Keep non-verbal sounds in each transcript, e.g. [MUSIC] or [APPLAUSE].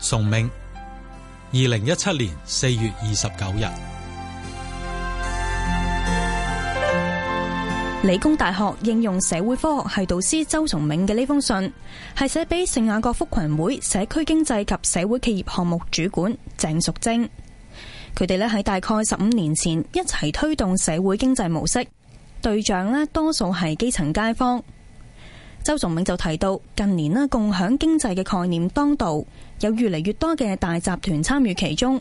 崇明，二零一七年四月二十九日，理工大學應用社會科學系導師周崇銘嘅呢封信，係寫俾聖雅各福群會社區經濟及社會企業項目主管鄭淑貞。佢哋咧喺大概十五年前一齊推動社會經濟模式，對象咧多數係基層街坊。周崇明就提到，近年呢共享經濟嘅概念當道，有越嚟越多嘅大集團參與其中。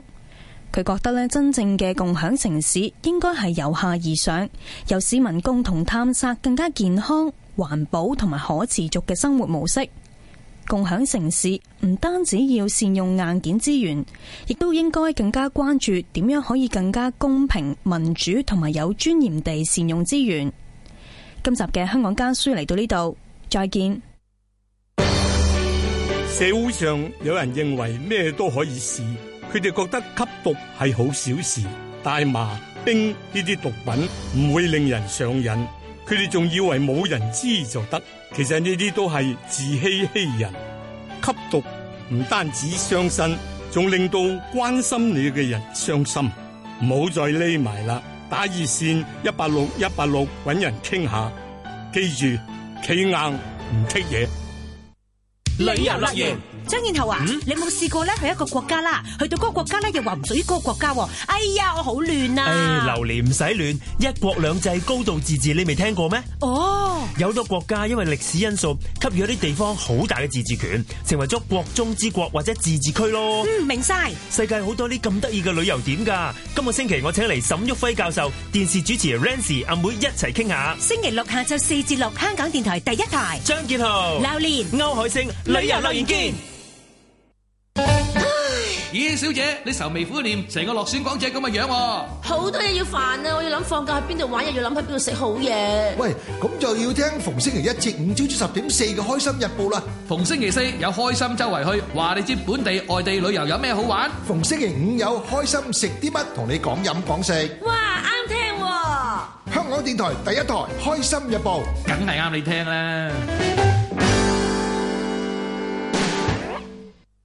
佢覺得咧，真正嘅共享城市應該係由下而上，由市民共同探索更加健康、環保同埋可持續嘅生活模式。共享城市唔單止要善用硬件資源，亦都應該更加關注點樣可以更加公平、民主同埋有尊嚴地善用資源。今集嘅香港家書嚟到呢度。再見。社會上有人認為咩都可以試，佢哋覺得吸毒係好小事，大麻、冰呢啲毒品唔會令人上癮，佢哋仲以為冇人知就得。其實呢啲都係自欺欺人。吸毒唔單止傷身，仲令到關心你嘅人傷心。唔好再匿埋啦，打熱線一八六一八六，搵人傾下。記住。企硬唔吃嘢，旅遊樂園。張建豪啊，你冇試過咧？去一個國家啦，去到嗰個國家咧又話唔屬於嗰個國家，哎呀，我好亂啊！誒，榴蓮唔使亂，一國兩制、高度自治，你未聽過咩？哦，有好多國家因為歷史因素，給予一啲地方好大嘅自治權，成為咗國中之國或者自治區咯。嗯，明晒。世界好多啲咁得意嘅旅遊點噶。今個星期我請嚟沈旭輝教授、電視主持 Rancy 阿妹一齊傾下。星期六下晝四至六，香港電台第一台。張建豪、榴蓮、歐海星、旅遊留言見。咦、欸，小姐，你愁眉苦臉，成個落選港姐咁嘅樣喎。啊，好多嘢要煩啊，我要諗放假去邊度玩，又要諗喺邊度食好嘢。喂，咁就要聽逢星期一至五朝朝十點四嘅開心日報啦。逢星期四有開心周圍去，話你知本地、外地旅遊有咩好玩。逢星期五有開心食啲乜，同你講飲講食。哇，啱聽喎、啊！香港電台第一台開心日報，梗係啱你聽啦。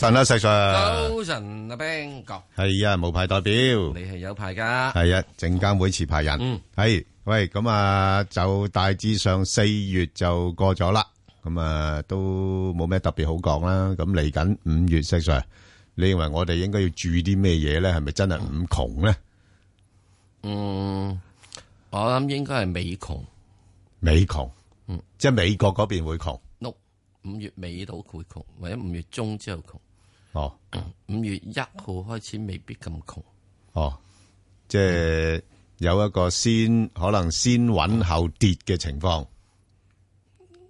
神啦世 i 早晨，阿、啊、兵哥係啊，無牌代表。你係有牌噶？係啊，證監會持牌人。係、嗯、喂，咁啊，就大致上四月就過咗啦。咁啊，都冇咩特別好講啦。咁嚟緊五月世 i 你認為我哋應該要注意啲咩嘢咧？係咪真係五窮咧？嗯，我諗應該係美窮，美窮窮，嗯、即係美國嗰邊會窮。六，五月美到會窮，或者五月中之後窮。哦，五月一號開始未必咁窮，哦，即係有一個先可能先穩後跌嘅情況，哦，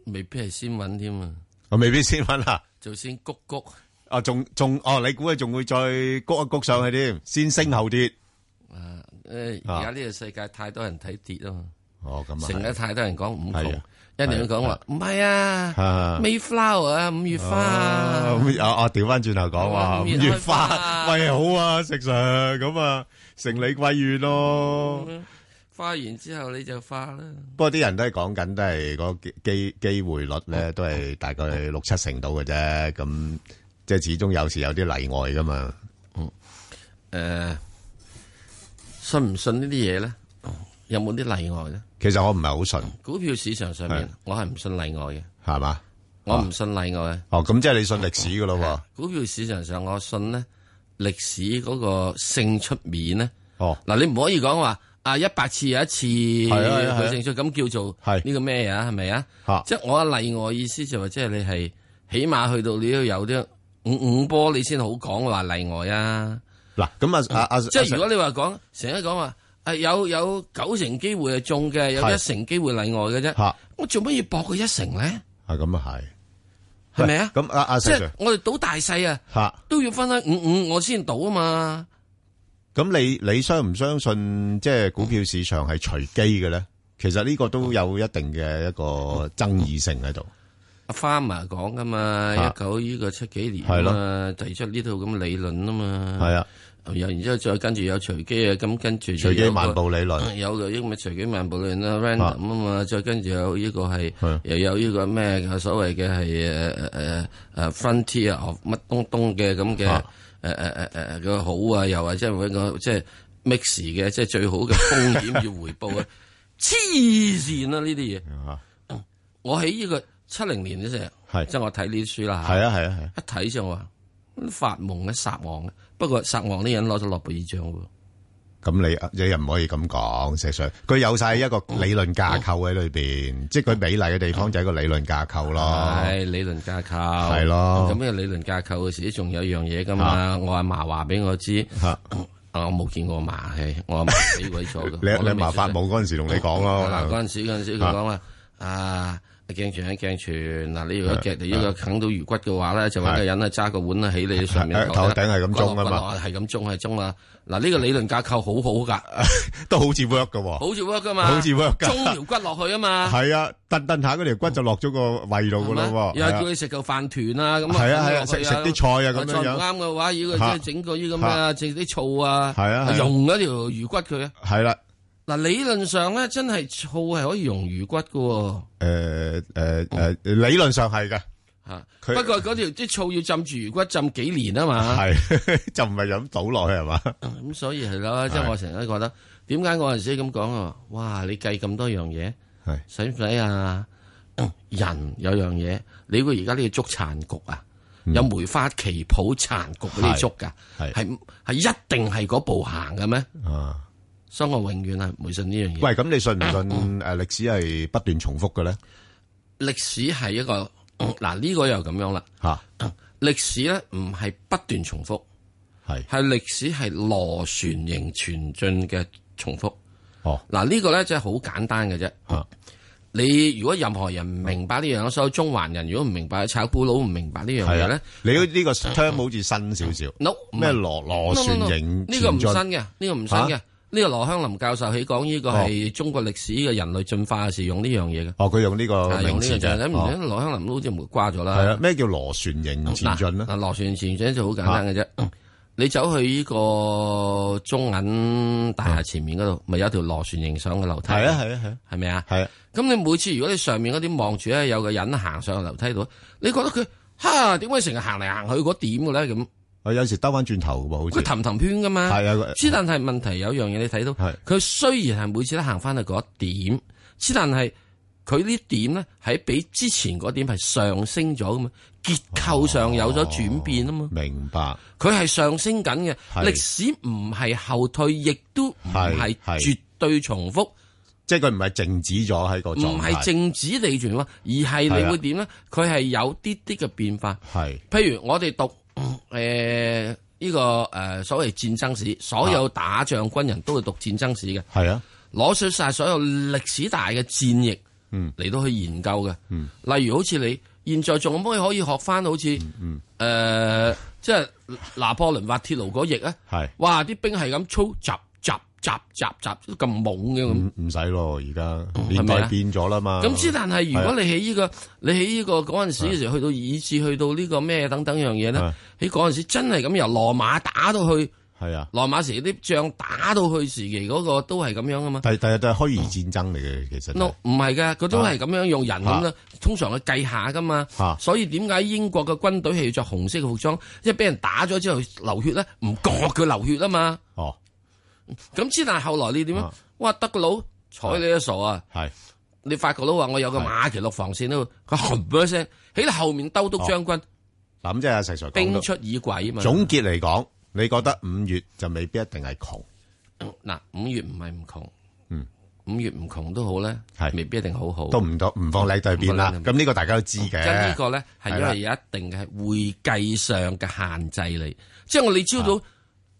未必係先穩添啊，啊未必先穩啊，就先谷谷，啊仲仲哦你估啊仲會再谷一谷上去添，先升後跌，啊誒而家呢個世界太多人睇跌啊嘛，哦咁啊，成日太多人講五窮。一定要講話唔係啊，May flower 啊，五月花啊，哦哦，調翻轉頭講話五月花，咪好啊，食上咁啊，成你桂苑咯，花完之後你就化啦。不過啲人都係講緊，都係個機機會率咧，都係大概六七成度嘅啫。咁即係始終有時有啲例外噶嘛。嗯，誒，信唔信呢啲嘢咧？有冇啲例外咧？其實我唔係好信股票市場上面，我係唔信例外嘅，係嘛吧？我唔信例外，啊。哦，咁即係你信歷史噶咯？股票市場上我信咧，歷史嗰個勝出面咧。哦，嗱，你唔可以講話啊，一百次有一次去勝出，咁叫做呢個咩啊？係咪啊？即係的我嘅例外意思就話，是，即係你係起碼去到你都有啲五五波，你先好講話例外啊。嗱，咁啊，啊，嗯，即係如果你話講成日講話，常常常說說誒，有有九成機會係中嘅，有一成機會例外嘅啫。我做乜要搏佢一成咧？係咁啊，係係咪啊？咁阿阿即係我哋賭大細啊，都要分開五五我先賭啊嘛。咁你你相唔相信即係股票市場係隨機嘅咧？其實呢個都有一定嘅一個爭議性喺度。阿花媽講噶嘛，一九呢個七幾年係咯，提出呢套咁理論啊嘛。係啊。然之後再跟住有隨機啊，咁跟住隨機漫步理論，有嘅，因為隨機漫步理論啦，random 啊嘛，再跟住有呢個係，又有呢個咩嘅所謂嘅係誒誒誒 frontier 啊，乜、uh, uh, 東東嘅咁嘅誒誒誒誒個好啊，又或者一個即係 mix 嘅，即、就、係、是就是、最好嘅風險要回報啊，黐線啊呢啲嘢！的我喺呢個七零年嘅時候，即係的我睇呢啲書啦，係啊係啊係，一睇就話發夢嘅失望嘅。的的不過殺王啲人攞咗諾貝爾獎喎，咁你你又唔可以咁講，石 sir 佢有晒一個理論架構喺裏邊，即係佢美麗嘅地方就係一個理論架構咯，係理論架構係咯，咁呢個理論架構嗰時仲有一樣嘢噶嘛，我阿嫲話俾我知，啊我冇見過阿嫲，我阿嫲幾鬼錯噶，你你阿嫲發夢嗰陣時同你講咯，嗱嗰陣時嗰陣時佢講話啊啊。鏡泉鏡泉，嗱，你如果夾你呢個啃到魚骨嘅話咧，就搵個人啊揸個碗啊喺你上面頭頂係咁中噶嘛，係咁中啊中啊，嗱呢個理論架構好好噶，都好似 work 噶，好似 work 噶嘛，好似 work 噶，中條骨落去啊嘛，係啊，揼揼下嗰條骨就落咗個胃度噶啦，又叫你食個飯團啊，咁係啊係，食食啲菜啊咁樣，啱嘅話如果整過呢咁啊整啲醋啊，係啊，溶咗條魚骨佢啊，係啦。嗱，理論上咧，真係醋係可以溶魚骨噶喎。誒誒理論上係嘅。嚇，不過嗰條即係醋要浸住魚骨浸幾年啊嘛。係，就唔係飲倒落去係嘛。咁所以係咯，即係我成日覺得點解嗰陣時咁講啊？哇，你計咁多樣嘢，使唔使啊？人有樣嘢，你估而家呢個捉殘局啊，有梅花旗袍殘局嗰啲捉㗎，係係一定係嗰步行嘅咩？啊！所以我永遠係唔會信呢樣嘢。喂，咁你信唔信？誒，歷史係不斷重複嘅咧？歷史係一個嗱，呢個又咁樣啦。吓，歷史咧唔係不斷重複，係係歷史係螺旋形前進嘅重複。哦，嗱呢個咧即係好簡單嘅啫。吓，你如果任何人唔明白呢樣嘢，所有中環人如果唔明白，炒股佬唔明白呢樣嘢咧，你呢個 term 好似新少少。no 咩螺螺旋形？呢個唔新嘅，呢個唔新嘅。呢個羅香林教授喺講呢個係中國歷史嘅人類進化嘅時用呢樣嘢嘅。哦，佢用呢個名詞就，咁唔知羅香林都好似唔掛咗啦。係、嗯嗯嗯、啊，咩叫螺旋形前進咧？嗱，螺旋前進就好簡單嘅啫。你走去呢個中銀大廈前面嗰度，咪、嗯、有一條螺旋形上嘅樓梯？係啊係啊係。係咪啊？係啊。咁你每次如果你上面嗰啲望住咧，有個人行上個樓梯度，你覺得佢，哈、啊，走走點解成日行嚟行去嗰點嘅咧咁？有時兜翻轉頭噶嘛，佢氹氹圈噶嘛，係啊的。之但係問題有樣嘢你睇到，係佢的雖然係每次都行翻去嗰一點，之的但係佢呢點咧喺比之前嗰點係上升咗噶嘛，結構上有咗轉變啊嘛、哦哦。明白，佢係上升緊嘅，歷的史唔係後退，亦都唔係絕對重複，即係佢唔係靜止咗喺個唔係靜止地轉而係你會點咧？佢係有啲啲嘅變化，係譬如我哋讀。誒，呢、呃這個誒、呃、所謂戰爭史，所有打仗軍人都會讀戰爭史嘅，係啊，攞出晒所有歷史大嘅戰役嚟到去研究嘅，嗯嗯、例如好似你，現在仲可唔可以可以學翻好似誒、嗯嗯呃，即係拿破崙滑鐵盧嗰役啊，係是，哇啲兵係咁操集。雜雜雜咁懵嘅咁，唔使咯，而家年代變咗啦嘛。咁之但係如果你喺呢個，你喺呢個嗰陣時嘅時去到以至去到呢個咩等等樣嘢呢，喺嗰陣時真係咁由羅馬打到去，係啊，羅馬時啲仗打到去時期嗰個都係咁樣啊嘛。但係但都係虛擬戰爭嚟嘅，其實。唔係嘅，佢都係咁樣用人咁樣，通常去計下噶嘛。所以點解英國嘅軍隊係要着紅色嘅服裝？因為俾人打咗之後流血呢？唔覺佢流血啊嘛。咁之但後來你點樣？哇，德佬睬你都傻啊！係是你法國佬話我有個馬其諾防線咧，佢冚一聲喺後面兜篤將軍。嗱，咁即係阿石 Sir、哦、兵出以詭啊嘛！總結嚟講，都你覺得五月就未必一定係窮。嗱，五月唔係唔窮，嗯，五月唔窮都好咧，係未必一定好好。都唔到唔放禮對邊啦。咁呢個，個大家都知嘅。跟、嗯這個、呢個咧係因為有一定嘅係會計上嘅限制嚟，即係我哋知道。嗯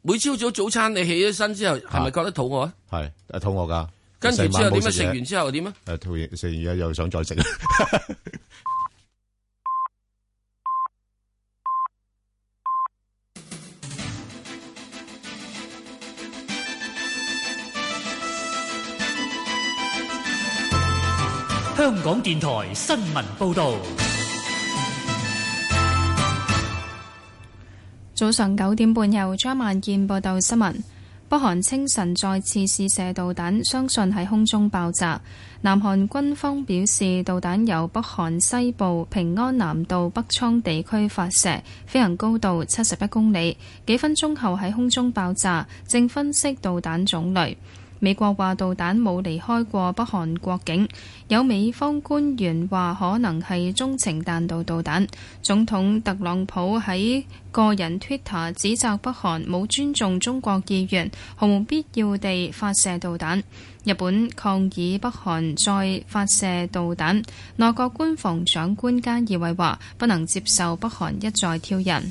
每朝早早餐，你起咗身之後，係咪覺得肚餓啊？係，肚餓㗎。跟住之後點啊？食完之後又點啊？誒，食完食完又又想再食。香港電台新聞報道。早上九點半由張萬健報道新聞，北韓清晨再次試射導彈，相信喺空中爆炸。南韓軍方表示，導彈由北韓西部平安南道北倉地區發射，飛行高度七十一公里，幾分鐘後喺空中爆炸，正分析導彈種類。美國話導彈冇離開過北韓國境，有美方官員話可能係中程彈道導彈。總統特朗普喺個人 Twitter 指責北韓冇尊重中國意願，毫無必要地發射導彈。日本抗議北韓再發射導彈，內閣官房長官菅義偉話不能接受北韓一再挑釁。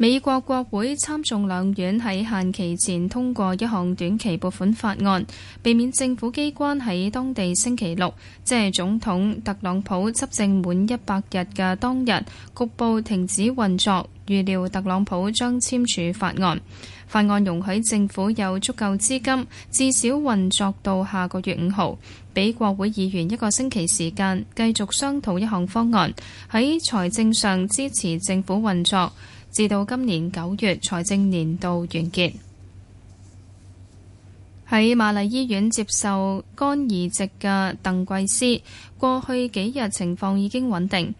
美國國會參眾兩院喺限期前通過一項短期撥款法案，避免政府機關喺當地星期六，即係總統特朗普執政滿一百日嘅當日局部停止運作。預料特朗普將簽署法案，法案容許政府有足夠資金，至少運作到下個月五號，俾國會議員一個星期時間繼續商討一項方案，喺財政上支持政府運作。至到今年九月，財政年度完結。喺瑪麗醫院接受肝移植嘅鄧桂斯，過去幾日情況已經穩定。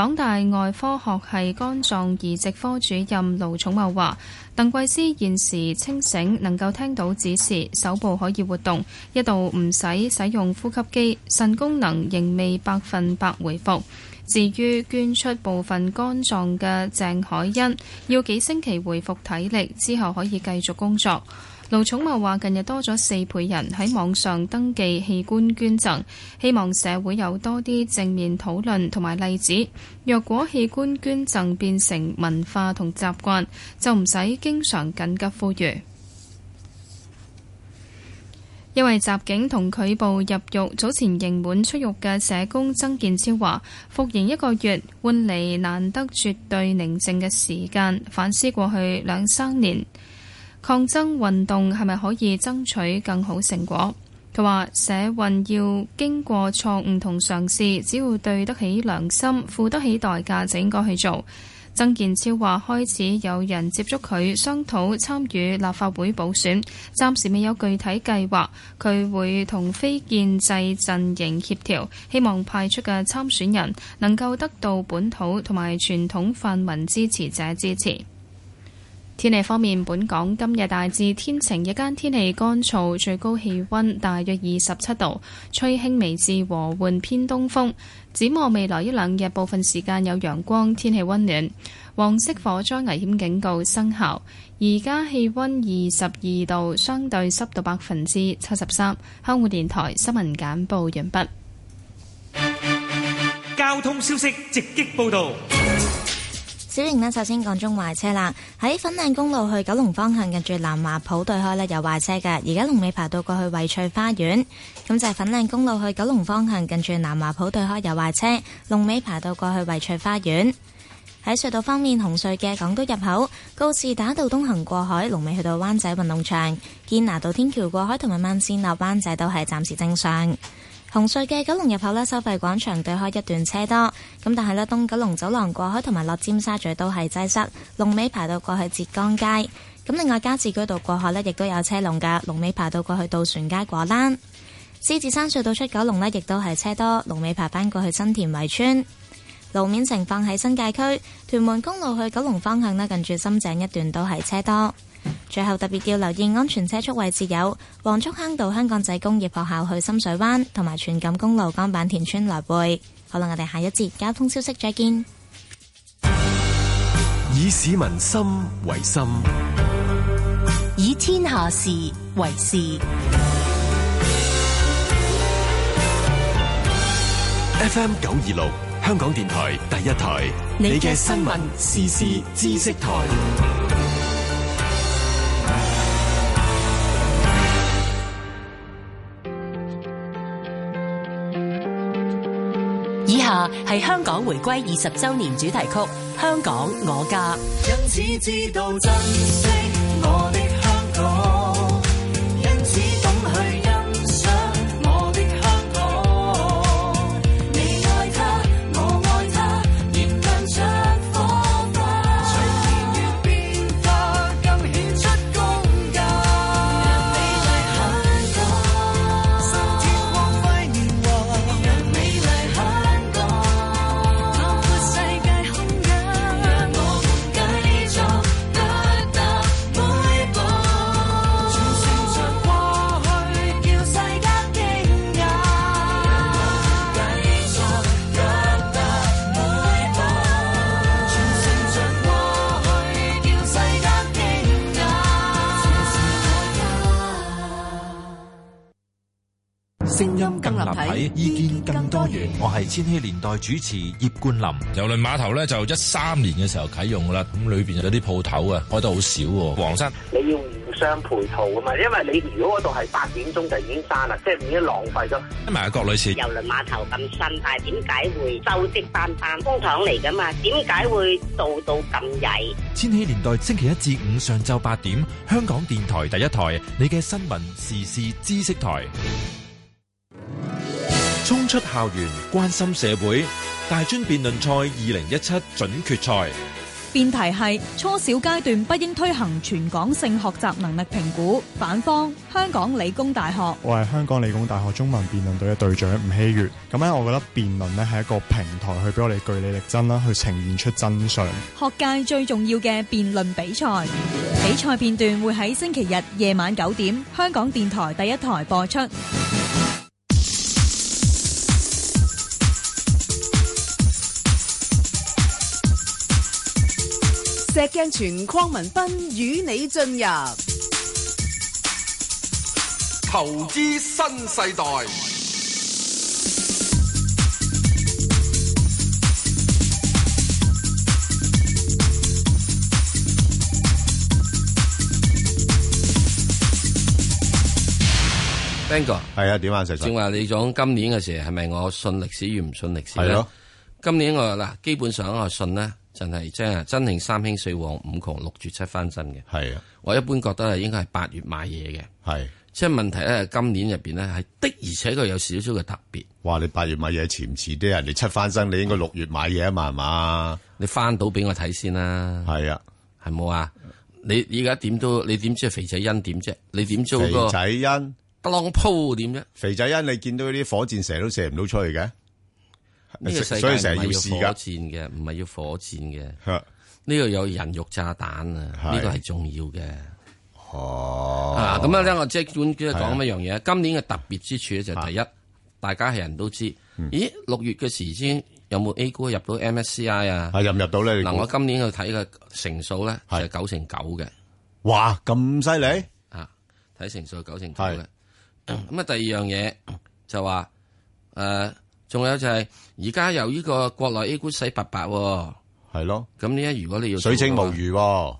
港大外科學係肝臟移植科主任盧寵茂話，鄧桂思現時清醒，能夠聽到指示，手部可以活動，一度唔使使用呼吸機，腎功能仍未百分百回復。至於捐出部分肝臟嘅鄭海欣，要幾星期回復體力之後可以繼續工作。盧寵茂話：近日多咗四倍人喺網上登記器官捐贈，希望社會有多啲正面討論同埋例子。若果器官捐贈變成文化同習慣，就唔使經常緊急呼籲。因為襲警同拒捕入獄，早前刑滿出獄嘅社工曾建超話服刑一個月，換嚟難得絕對寧靜嘅時間，反思過去兩三年。抗爭運動係咪可以爭取更好成果？佢話社運要經過錯誤同嘗試，只要對得起良心、付得起代價，就應該去做。曾健超話開始有人接觸佢商討參與立法會補選，暫時未有具體計劃。佢會同非建制陣營協調，希望派出嘅參選人能夠得到本土同埋傳統泛民支持者支持。天氣方面，本港今日大致天晴，日間天氣乾燥，最高氣溫大約二十七度，吹輕微至和緩偏東風。展望未來一兩日，部分時間有陽光，天氣溫暖。黃色火災危險警告生效。而家氣溫二十二度，相對濕度百分之七十三。香港電台新聞簡報完畢。交通消息直擊報道。小瑩呢，首先講中壞車啦。喺粉嶺公路去九龍方向，近住南華埔對開呢，有壞車嘅。而家龍尾爬到過去惠翠花園，咁就係粉嶺公路去九龍方向，近住南華埔對開有壞車，龍尾爬到過去惠翠花園。喺隧道方面，紅隧嘅港都入口、告士打道東行過海，龍尾去到灣仔運動場；堅拿道天橋過海同埋啱先落灣仔都係暫時正常。紅隧嘅九龍入口咧，收費廣場對開一段車多，咁但係咧，東九龍走廊過海同埋落尖沙咀都係擠塞，龍尾排到過去浙江街。咁另外加士居道過海呢亦都有車龍噶，龍尾排到過去渡船街果欄。獅子山隧道出九龍呢亦都係車多，龍尾排翻過去新田圍村。路面情況喺新界區屯門公路去九龍方向呢，近住深井一段都係車多。最後特別要留意安全車速位置有黃竹坑道香港仔工業學校去深水灣，同埋荃錦公路江板田村來回。好啦，我哋下一節交通消息再見。以市民心為心，以天下事為事。F M 九二六香港電台第一台，你嘅新聞時事知識台。係香港回歸二十周年主題曲《香港，我家》。因此知道珍惜我的香港。意見更多元，我係千禧年代主持葉冠林。郵輪碼頭咧就一三年嘅時候啟用噶啦，咁裏邊有啲鋪頭啊，開得好少。黃生，你要互相配套啊嘛，因為你如果嗰度係八點鐘就已經閂啦，即係已經浪費咗。同埋阿郭女士，郵輪碼頭咁新大，點解會收積班班空堂嚟噶嘛？點解會到到咁曳？千禧年代星期一至五上晝八點，香港電台第一台，你嘅新聞時事知識台。出校園關心社會，大專辯論賽二零一七準決賽辯題係初小階段不應推行全港性學習能力評估。反方，香港理工大學。我係香港理工大學中文辯論隊嘅隊長吳希月。咁咧，我覺得辯論咧係一個平台去俾我哋據理力爭啦，去呈現出真相。學界最重要嘅辯論比賽。比賽片段會喺星期日夜晚九點香港電台第一台播出。石鏡泉、鄺文斌與你進入投資新世代。t h a 係啊，點啊，石總，正話你總今年嘅時係咪我信歷史與唔信歷史咧？的今年我嗱，基本上我信咧。真係真啊！真係三興四旺、五窮六絕七翻身嘅。係啊，我一般覺得係應該係八月買嘢嘅。係、啊，即係問題咧，今年入邊咧係的，而且佢有少少嘅特別。哇！你八月買嘢遲唔遲啲啊？人哋七翻身，你應該六月買嘢、嗯、啊嘛，係嘛、啊？你翻到俾我睇先啦。係啊，係冇啊？你而家點都你點知肥仔恩點啫？你點知、佢個？肥仔恩？特朗普點啫？肥仔恩，你見到啲火箭射都射唔到出去嘅？呢個世界成日要火箭嘅，唔係要火箭嘅。呢個有人肉炸彈啊，呢個係重要嘅。哦，咁啊，呢個即係管主要講一樣嘢。今年嘅特別之處就係第一，大家係人都知。咦，六月嘅時先有冇 A 股入到 MSCI 啊？啊，入唔入到咧？嗱，我今年去睇嘅成數咧係九成九嘅。哇，咁犀利啊！睇成數九成九嘅。咁啊，第二樣嘢就話誒。仲有就係而家由呢個國內 A 股洗白白、哦，係咯的，咁呢一如果你要水清無魚、哦，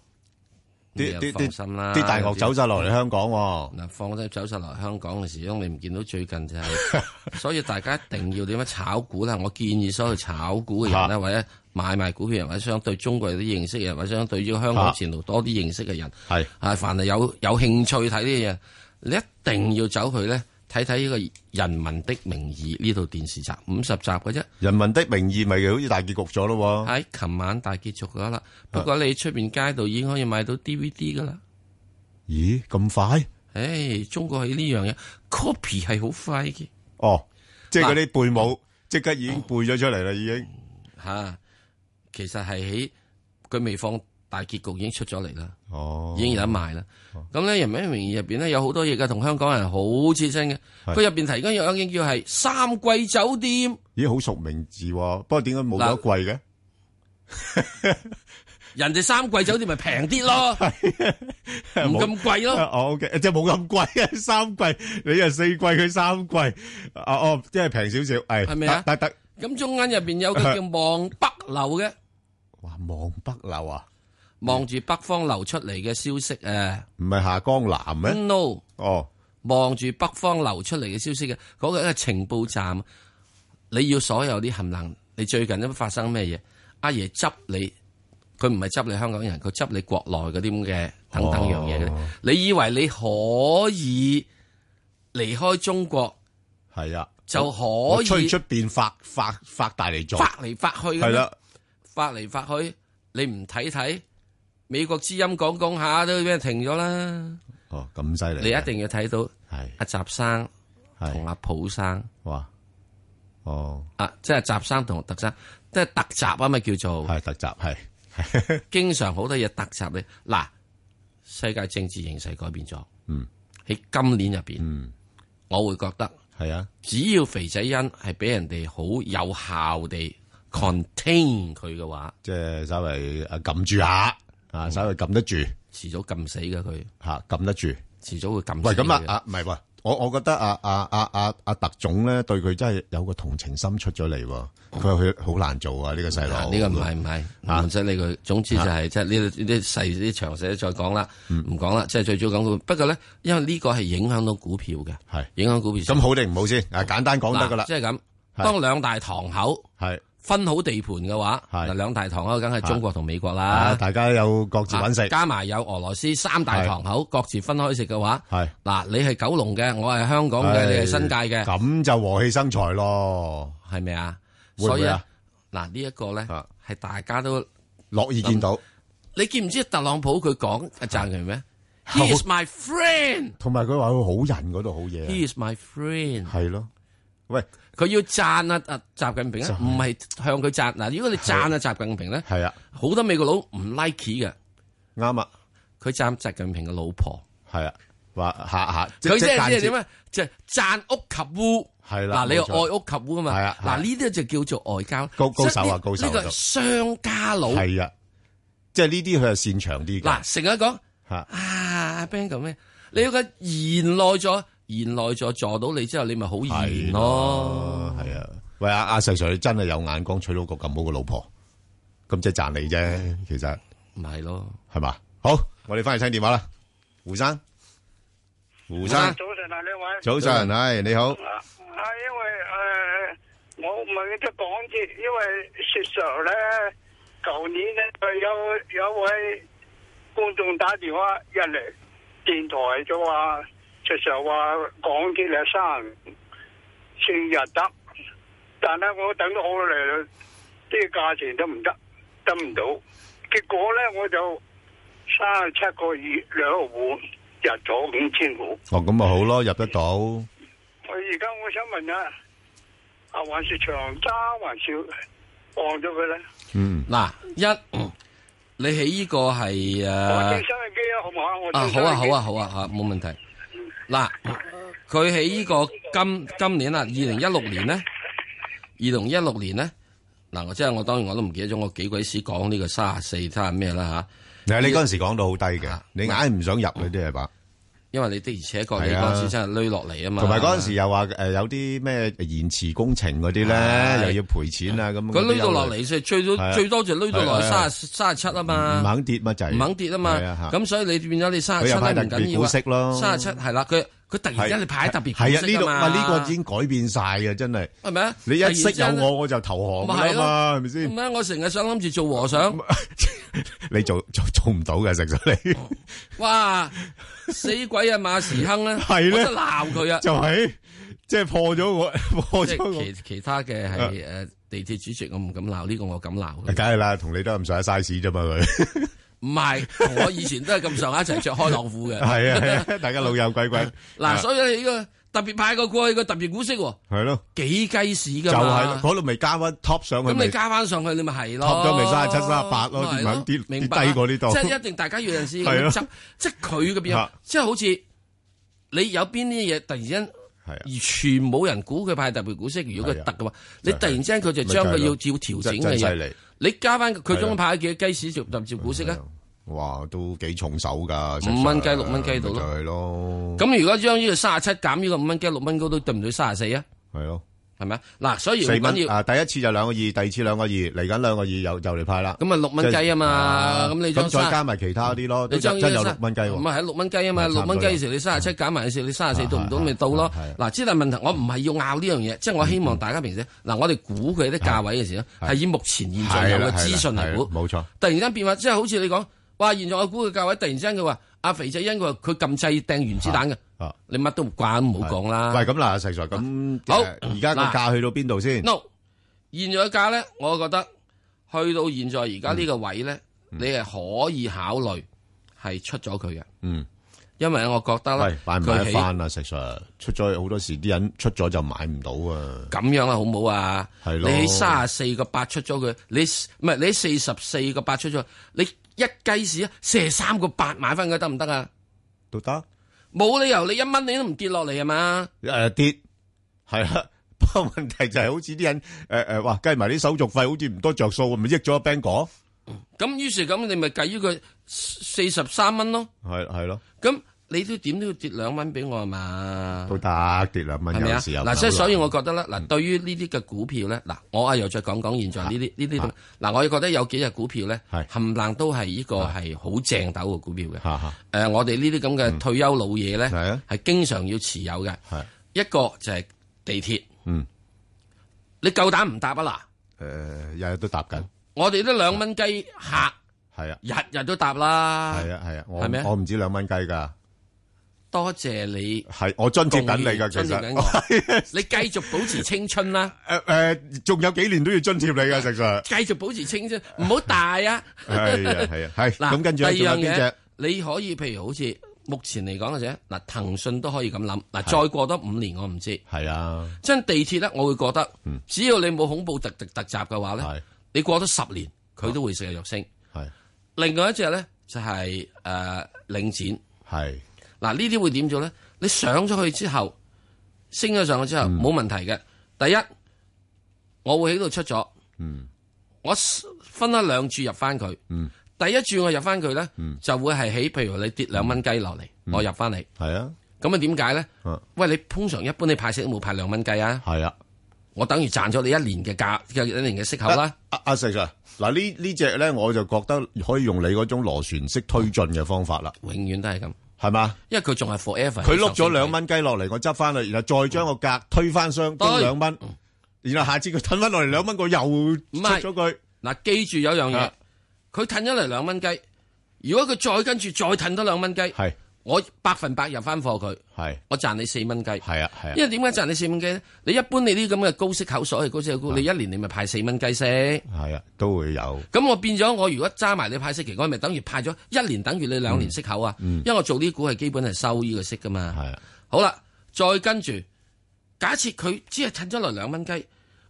你又放心啦，啲大鱷走晒落嚟香港、哦，嗱，放低走晒落嚟香港嘅時候，你唔見到最近就係、是， [LAUGHS] 所以大家一定要點樣炒股咧？我建議所有炒股嘅人咧，或者買賣股票人或者相對中國有啲認識嘅人，或者相對於香港前途多啲認識嘅人，係啊， [LAUGHS] 凡係有有興趣睇呢啲嘢，你一定要走去咧。睇睇呢個《人民的名義》呢度電視集，五十集嘅啫，《人民的名義》咪好似大結局咗咯喎？喺琴、哎、晚大結局噶啦，不過你出邊街度已經可以買到 DVD 噶啦。咦？咁快？誒、哎，中國喺呢樣嘢 copy 係好快嘅。哦，即係嗰啲背舞、啊，即刻已經背咗出嚟啦，已經吓、啊。其實係喺佢未放大結局，已經出咗嚟啦。哦，已經有得賣啦。咁咧《人民的名義》入邊咧有好多嘢噶，同香港人好切身嘅。佢入邊提緊有一間叫係三季酒店，咦好熟名字，不過點解冇咁貴嘅？嘍 [LAUGHS] 人哋三季酒店咪平啲咯，唔咁貴咯。哦 okay, 即係冇咁貴啊。三季，你又四季，佢三季，哦，哦，即係平少少。係、哎、咪啊？得得。咁中間入邊有個叫望北樓嘅，哇望北樓啊！望住北方流出嚟嘅消息啊，唔係下江南咩？no，哦，望住北方流出嚟嘅消息嘅，嗰、一個係情報站。你要所有啲冚唪唥，你最近都發生咩嘢？阿爺執你，佢唔係執你香港人，佢執你國內嗰啲咁嘅等等樣嘢。哦、你以為你可以離開中國？係啊，就可以出出邊發發發大嚟做，發嚟發去嘅，係啦、啊，發嚟發去，你唔睇睇？美國之音講講下都俾人停咗啦。哦，咁犀利！你一定要睇到係阿習生同阿普生哇，哦，啊，即係習生同特生，即係特習啊，嘛，叫做係特習係， [LAUGHS] 經常好多嘢，特習咧。嗱、啊，世界政治形勢改變咗，嗯，喺今年入邊，嗯，我會覺得係啊，只要肥仔恩係俾人哋好有效地 contain 佢嘅話，嗯、即係稍微啊撳住下。啊，稍微撳得住，遲早撳死嘅佢吓，撳得住，遲早會撳。喂，咁啊啊，唔係我我覺得阿阿阿阿阿特總咧對佢真係有個同情心出咗嚟，佢佢好難做啊！呢個細路，呢個唔係唔係，唔使理佢。總之就係即係呢啲呢啲細啲詳細再講啦，唔講啦，即係最早要講佢。不過咧，因為呢個係影響到股票嘅，係影響股票。咁好定唔好先？啊，簡單講得噶啦，即係咁，當兩大堂口係，分好地盤嘅話，嗱兩大堂口梗係中國同美國啦，大家有各自揾食，加埋有俄羅斯三大堂口，各自分開食嘅話，係嗱你係九龍嘅，我係香港嘅，你係新界嘅，咁就和氣生財咯，係咪啊？所以啊，嗱呢一個咧，係大家都樂意見到。你見唔知特朗普佢講阿讚佢咩？He is my friend，同埋佢話佢好人嗰度好嘢。He is my friend，係咯，喂。佢要讚啊，阿習近平唔係向佢讚。嗱，如果你讚啊習近平咧，好多美國佬唔 like 嘅。啱啊，佢讚習近平嘅老婆。係啊，話嚇嚇。佢即係即係點啊？就讚屋及烏。係啦，嗱，你又愛屋及烏啊嘛。嗱，呢啲就叫做外交高高手啊，高手。呢個商家佬係啊，即係呢啲佢係擅長啲嘅。嗱，成日講嚇啊，阿 Ben 講咩？你個言耐咗。賢內助助到你之後，你咪好易，咯、啊，係啊！喂，阿、啊、阿 Sir, Sir，你真係有眼光娶到個咁好嘅老婆，咁即係讚你啫，其實咪係的實咯，係嘛？好，我哋翻去聽電話啦，胡生，胡生，早晨啊，呢位早晨上，係對、哎、你好。啊，因為誒、呃，我唔係咁多講字，因為薛 Sir 咧，舊年咧有有位觀眾打電話入嚟電台就話。就話講啲咧，三四日得，但係我等咗好耐啦，啲價錢都唔得，得唔到。結果咧，我就三十七個月兩戶入咗五千股。哦，咁咪好咯，入得到。我而家我想問啊，阿還是長揸，還是望咗佢咧？嗯，嗱，一你起呢個係誒、啊？我整收音機啊，好唔好啊？啊，好啊，好啊，好啊，吓、啊，冇問題。嗱，佢喺呢個今今年，年，年34，看看啊，二零一六年咧，二零一六年咧，嗱，即係我當然我都唔記得咗我幾鬼屎講呢個三十四，睇下咩啦嚇。嗱，你嗰陣時講到好低㗎，你硬係唔想入嗰啲係吧？因為你的而且確，你當時真係攞落嚟啊嘛，同埋嗰陣時又話，誒有啲咩延遲工程嗰啲咧，的又要賠錢啊咁。佢攞的到落嚟就最多最多就攞到落三十三十七啊嘛，唔肯跌嘛，就唔肯跌啊嘛，咁、啊、所以你變咗你三十七都唔緊要啊，三十七係啦佢。37, 佢突然間你排得特別緊，呢度唔係呢個已經改變晒嘅，真係。係咪啊？你一識有我，我就投降噶啦嘛，係咪先？唔係，我成日想諗住做和尚。你做做做唔到嘅，食咗你。哇！死鬼啊，馬時亨咧，我都鬧佢啊，就係即係破咗我破咗我。其其他嘅係誒地鐵主席，我唔敢鬧，呢個我敢鬧。梗係啦，同你都咁上下 size 啫嘛。唔係，我以前都係咁上下一齊着開浪褲嘅。係啊，大家老友鬼鬼。嗱，所以呢個特別派個股係個特別股息。係咯。幾雞屎噶。就係咯，嗰度咪加翻 top 上去。咁你加翻上去，你咪係咯。咗咪三十七三十八咯，唔肯跌跌低過呢度。即係一定大家要有陣時執，即係佢嘅變化，即係好似你有邊啲嘢，突然之間，而全冇人估佢派特別股息，如果佢得嘅話，你突然之間佢就將佢要要調整嘅嘢。你加翻佢，中午派咗幾多雞屎，接唔接股息咧？哇、嗯嗯嗯嗯，都幾重手噶！五蚊雞六蚊雞到咯，咁如果將呢個卅七減呢個五蚊雞六蚊高，都對唔對卅四啊？係咯。係咪？嗱，所以而家唔緊要啊。第一次就兩個二，第二次兩個二，嚟緊兩個二又又嚟派啦。咁啊六蚊雞啊嘛，咁你再加埋其他啲咯，咁再有六蚊雞喎。唔係六蚊雞啊嘛，六蚊雞嘅時候你三十七減埋嘅時候你三十四到唔到？咪到咯。嗱，之但問題我唔係要拗呢樣嘢，即係我希望大家平時嗱，我哋估佢啲價位嘅時候係以目前現在有嘅資訊嚟估，冇錯。突然間變化，即係好似你講哇，現在我估佢價位突然間佢話。阿肥仔因佢佢撳掣掟原子彈嘅，啊、你乜都唔關唔好講啦。喂咁啦，阿、啊、石 Sir，咁好，而家個價去到邊度先？No，現在嘅價咧，我覺得去到現在而家呢個位咧，嗯、你係可以考慮係出咗佢嘅。嗯，因為我覺得咧，買唔翻啊，石 Sir，出咗好多時，啲人出咗就買唔到啊。咁樣啊，好唔好啊？係咯的，你三啊四個八出咗佢，你唔係你四十四個八出咗，你。一計時啊，四三個八買翻佢得唔得啊？都得，冇理由你一蚊你都唔跌落嚟啊嘛。誒跌係啊，不過問題就係好似啲人誒誒話計埋啲手續費，好似唔多着數，咪益咗個 banker。咁於是咁你咪計於佢四十三蚊咯。係係咯。咁。你都點都要跌兩蚊俾我啊嘛！都得跌兩蚊，有時又嗱，即係所以我覺得咧，嗱，對於呢啲嘅股票咧，嗱，我啊又再講講現在呢啲呢啲嗱，我覺得有幾隻股票咧，冚唪唥都係呢個係好正斗嘅股票嘅。誒，我哋呢啲咁嘅退休老嘢咧，係經常要持有嘅。一個就係地鐵。嗯，你夠膽唔搭啊？嗱，誒，日日都搭緊。我哋都兩蚊雞客。係啊，日日都搭啦。係啊係啊，我我唔止兩蚊雞㗎。多謝你，係我津貼緊你噶其實你繼續保持青春啦。誒誒，仲有幾年都要津貼你噶，其實。繼續保持青春，唔好大啊。係啊係啊，係。嗱，咁跟住第二樣嘢，仲有邊隻？你可以譬如好似目前嚟講嘅啫，嗱，騰訊都可以咁諗。嗱，再過多五年我唔知。係啊。即係地鐵咧，我會覺得，只要你冇恐怖突突襲嘅話咧，你過咗十年佢都會成日弱升。係。另外一隻咧就係誒領展。係。嗱，呢啲會點做咧？你上咗去之後，升咗上去之後冇、嗯、問題嘅。第一，我會喺度出咗，我分咗兩注入翻佢。嗯、第一注我入翻佢咧，嗯、就會係喺譬如你跌兩蚊雞落嚟，嗯、我入翻嚟。係啊，咁啊點解咧？喂，你通常一般你派息都冇派兩蚊雞啊？係啊，我等於賺咗你一年嘅價，一年嘅息口啦，阿細。嗱，呢呢隻咧，啊啊 Sir Sir, 呃、我就我覺得可以用你嗰種螺旋式推進嘅方法啦、啊。永遠都係咁。係嘛？因為佢仲係 forever，佢碌咗兩蚊雞落嚟，我執翻佢，然後再將個格推翻箱，得兩蚊。嗯，然後下次佢褪翻落嚟兩蚊，我又唔出咗佢。嗱是，它記住有一樣嘢，佢褪咗嚟兩蚊雞，如果佢再跟住再褪多兩蚊雞，係。我百分百入翻貨佢，係是我賺你四蚊雞，係啊係啊。啊因為點解賺你四蚊雞咧？你一般你啲咁嘅高息口所謂高息股，啊、你一年你咪派四蚊雞息，係啊都會有。咁我變咗我如果揸埋你派息期，我咪等於派咗一年，等於你兩年息口啊。嗯嗯、因為我做呢股係基本係收呢個息噶嘛。係啊。好啦，再跟住，假設佢只係褪咗落兩蚊雞，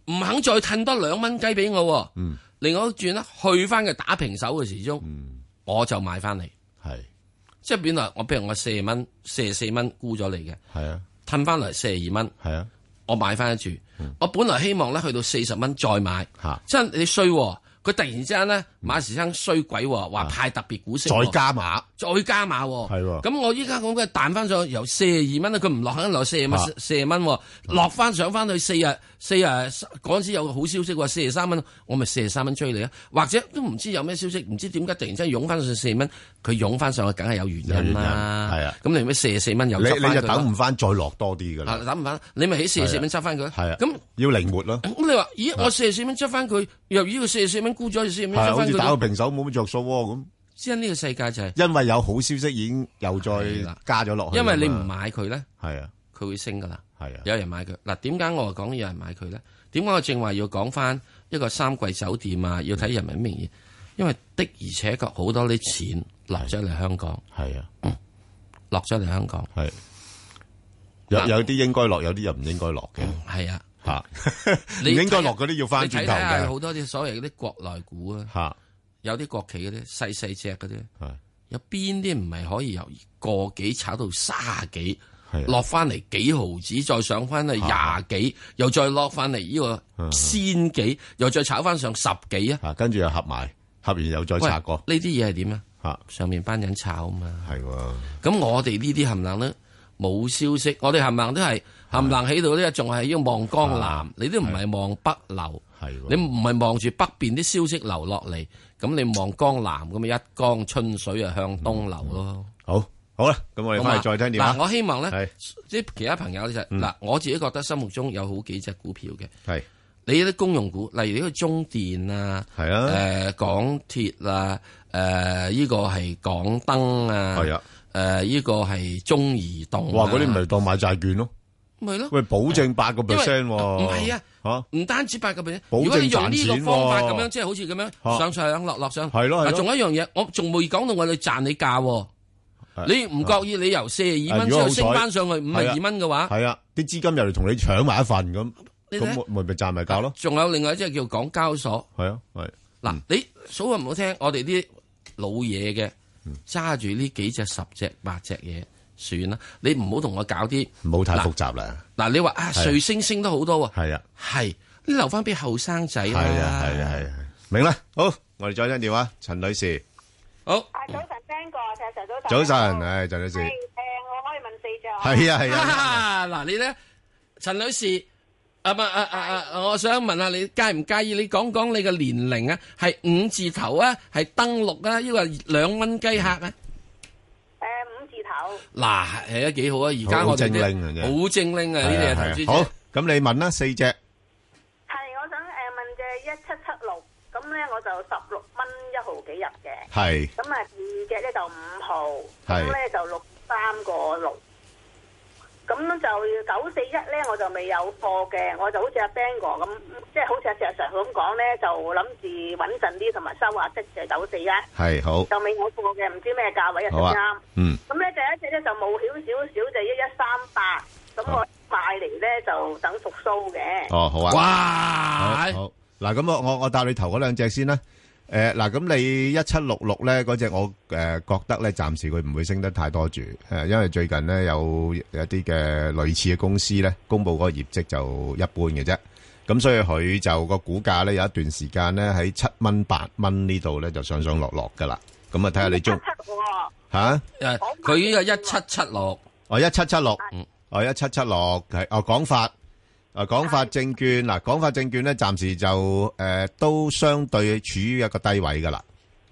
唔肯再褪多兩蚊雞俾我。嗯。另外轉啦，去翻佢打平手嘅時鐘，嗯、我就買翻嚟。係、啊。即係本來我譬如我四廿蚊，四廿四蚊沽咗你嘅，係啊，褪翻嚟四廿二蚊，係啊，我買翻一注。嗯、我本來希望咧去到四十蚊再買，吓、啊，即係你衰。佢突然之間咧，馬時生衰鬼喎，話派特別股息，再加碼，再加碼喎。咁我依家講嘅彈翻上去由四廿二蚊，佢唔落，肯落四廿蚊，四廿蚊落翻上翻去四廿四廿，嗰陣時有個好消息喎，四廿三蚊，我咪四廿三蚊追你啊！或者都唔知有咩消息，唔知點解突然之間湧翻上四廿蚊，佢湧翻上去梗係有原因啦。係啊。咁你咩四廿四蚊又執翻？你你就等唔翻，再落多啲㗎啦。等唔翻，你咪起四廿四蚊執翻佢。係啊。咁要靈活咯。咁你話，咦？我四廿四蚊執翻佢，又要四廿四蚊。沽咗，打個平手，冇乜着數咁。因呢個世界就係，因為有好消息，已經又再加咗落去。因為你唔買佢咧，係啊，佢會升噶啦。係啊，有人買佢嗱？點解我講有人買佢咧？點解我正話要講翻一個三季酒店啊？要睇人民名義，因為的而且確好多啲錢落咗嚟香港，係啊，落咗嚟香港係。有有啲應該落，有啲又唔應該落嘅，係啊。吓， [LAUGHS] 應該你應該落嗰啲要翻轉頭嘅，好多啲所謂啲國內股啊，有啲國企嗰啲細細隻嗰啲， [LAUGHS] 有邊啲唔係可以由個幾炒到卅幾，落翻嚟幾毫子，再上翻嚟廿幾， [LAUGHS] 又再落翻嚟呢個先幾， [LAUGHS] 又再炒翻上十幾啊， [LAUGHS] 跟住又合埋，合完又再拆過。呢啲嘢係點啊？吓， [LAUGHS] 上面班人炒啊嘛，係喎是、啊。咁我哋呢啲冚唪冷咧，冇消息，我哋冚唪冷都係。冚唪唥喺度咧，仲係要望江南。你都唔係望北流，你唔係望住北邊啲消息流落嚟，咁你望江南咁咪一江春水啊，向東流咯。好好啦，咁我哋翻去再聽點。嗱，我希望咧，即係其他朋友呢，就嗱，我自己覺得心目中有好幾隻股票嘅。係你啲公用股，例如呢個中電啊，係啊，誒港鐵啊，誒依個係港燈啊，係啊，誒依個係中移動。哇！嗰啲唔係當買債券咯。咪咯，喂，保證八個 percent 唔係啊，吓唔單止八個 percent，如果你用呢個方法咁樣，即係好似咁樣上上落落上，係咯，仲有一樣嘢，我仲未講到我哋賺你價，你唔覺意你由四十二蚊之後升翻上去五十二蚊嘅話，係啊，啲資金又嚟同你搶埋一份咁，咁咪咪賺埋價咯。仲有另外一隻叫港交所，係啊係，嗱你數話唔好聽，我哋啲老嘢嘅揸住呢幾隻十隻八隻嘢。算啦，你唔好同我搞啲，唔好太複雜啦。嗱，你話啊，瑞星星都好多喎，係啊，係，你留翻俾後生仔啦。係啊，係啊，係啊，明啦。好，我哋再聽電話，陳女士，好。啊，早晨聽過，早晨。早晨，唉，陳女士。誒，我可以問四隻。係啊，係啊。嗱，你咧，陳女士，啊唔啊啊啊，我想問下你介唔介意？你講講你嘅年齡啊，係五字頭啊，係登陸啊，呢個係兩蚊雞客啊。嗱，係啊，幾好啊！而家我哋咧好精靈嘅，好，咁你問啦，四隻係，我想誒問隻一七七六，咁咧我就十六蚊一毫幾入嘅，係，咁啊二隻咧就五毫，咁咧就六三個六。咁就九四一咧，我就未有貨嘅，我就好似阿 Ben 哥咁，即係好似阿石 Sir 咁講咧，就諗住穩陣啲同埋收下息嘅九四一。係好。就未有貨嘅，唔知咩價位入得啱。啊、對嗯。咁咧第一隻咧就冇曉少少就一一三八，咁我買嚟咧就等復蘇嘅。哦，好啊。哇！好嗱，咁啊，我我帶你投嗰兩隻先啦。誒，嗱，咁你一七六六咧嗰隻，我誒覺得咧，暫時佢唔會升得太多住，誒，因為最近咧有有一啲嘅類似嘅公司咧，公布嗰個業績就一般嘅啫，咁所以佢就個股價咧有一段時間咧喺七蚊八蚊呢度咧就上上落落噶啦，咁啊睇下你中吓，誒，佢呢個一七七六，哦一七七六，嗯，哦一七七六係，哦廣發。啊！廣發證券嗱，廣發證券咧，暫時就誒、呃、都相對處於一個低位噶啦，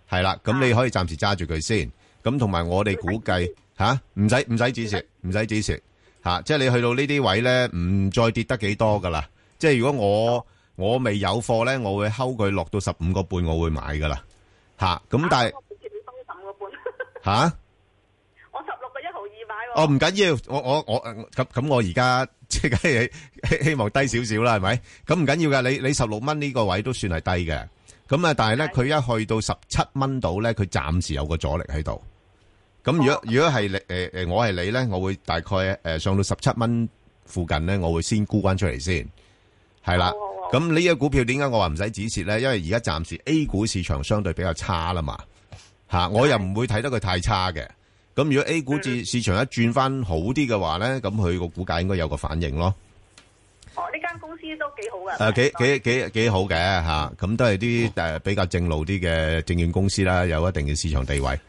係啦，咁你可以暫時揸住佢先，咁同埋我哋估計吓，唔使唔使止蝕，唔使止蝕吓，即係你去到呢啲位咧，唔再跌得幾多噶啦，即係如果我我未有貨咧，我會 hold 佢落到十五個半，我會買噶啦吓，咁、啊、但係吓、啊哦，我十六個一毫二買喎，哦唔緊要，我我我咁咁我而家。即係 [LAUGHS] 希望低少少啦，係咪？咁唔緊要噶，你你十六蚊呢個位都算係低嘅。咁啊，但係咧，佢一去到十七蚊度咧，佢暫時有個阻力喺度。咁如果如果係你誒誒，我係你咧，我會大概誒、呃、上到十七蚊附近咧，我會先沽翻出嚟先。係啦，咁呢隻股票點解我話唔使止蝕咧？因為而家暫時 A 股市場相對比較差啦嘛，吓的我又唔會睇得佢太差嘅。咁如果 A 股市市場一轉翻好啲嘅話咧，咁佢個股價應該有個反應咯。哦，呢間公司都幾好噶。誒，幾幾幾幾好嘅吓，咁都係啲誒比較正路啲嘅證券公司啦，有一定嘅市場地位。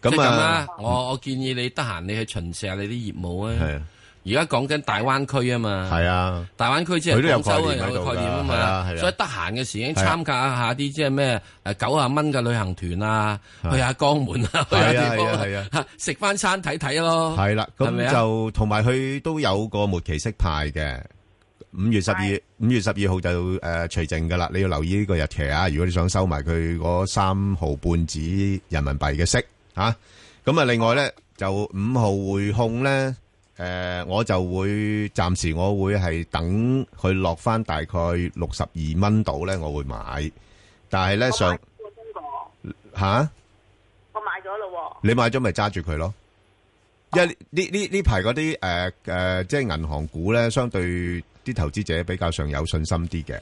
咁啊，我我建議你得閒你去巡視下你啲業務啊。係啊。而家講緊大灣區啊嘛，係啊，大灣區即係廣州啊，佢都有個概念啊嘛。所以得閒嘅時已經參加一下啲即係咩誒九啊蚊嘅旅行團啊，去下江門啊，去下地方，食翻餐睇睇咯。係啦，咁就同埋佢都有個末期息派嘅。五月十二，五月十二號就誒除淨㗎啦。你要留意呢個日期啊，如果你想收埋佢嗰三毫半紙人民幣嘅息啊，咁啊另外咧就五號匯控咧。誒、呃，我就會暫時，我會係等佢落翻大概六十二蚊度咧，我會買。但係咧上吓，我買咗咯。你買咗咪揸住佢咯？因為呢呢呢排嗰啲誒誒，即係銀行股咧，相對啲投資者比較上有信心啲嘅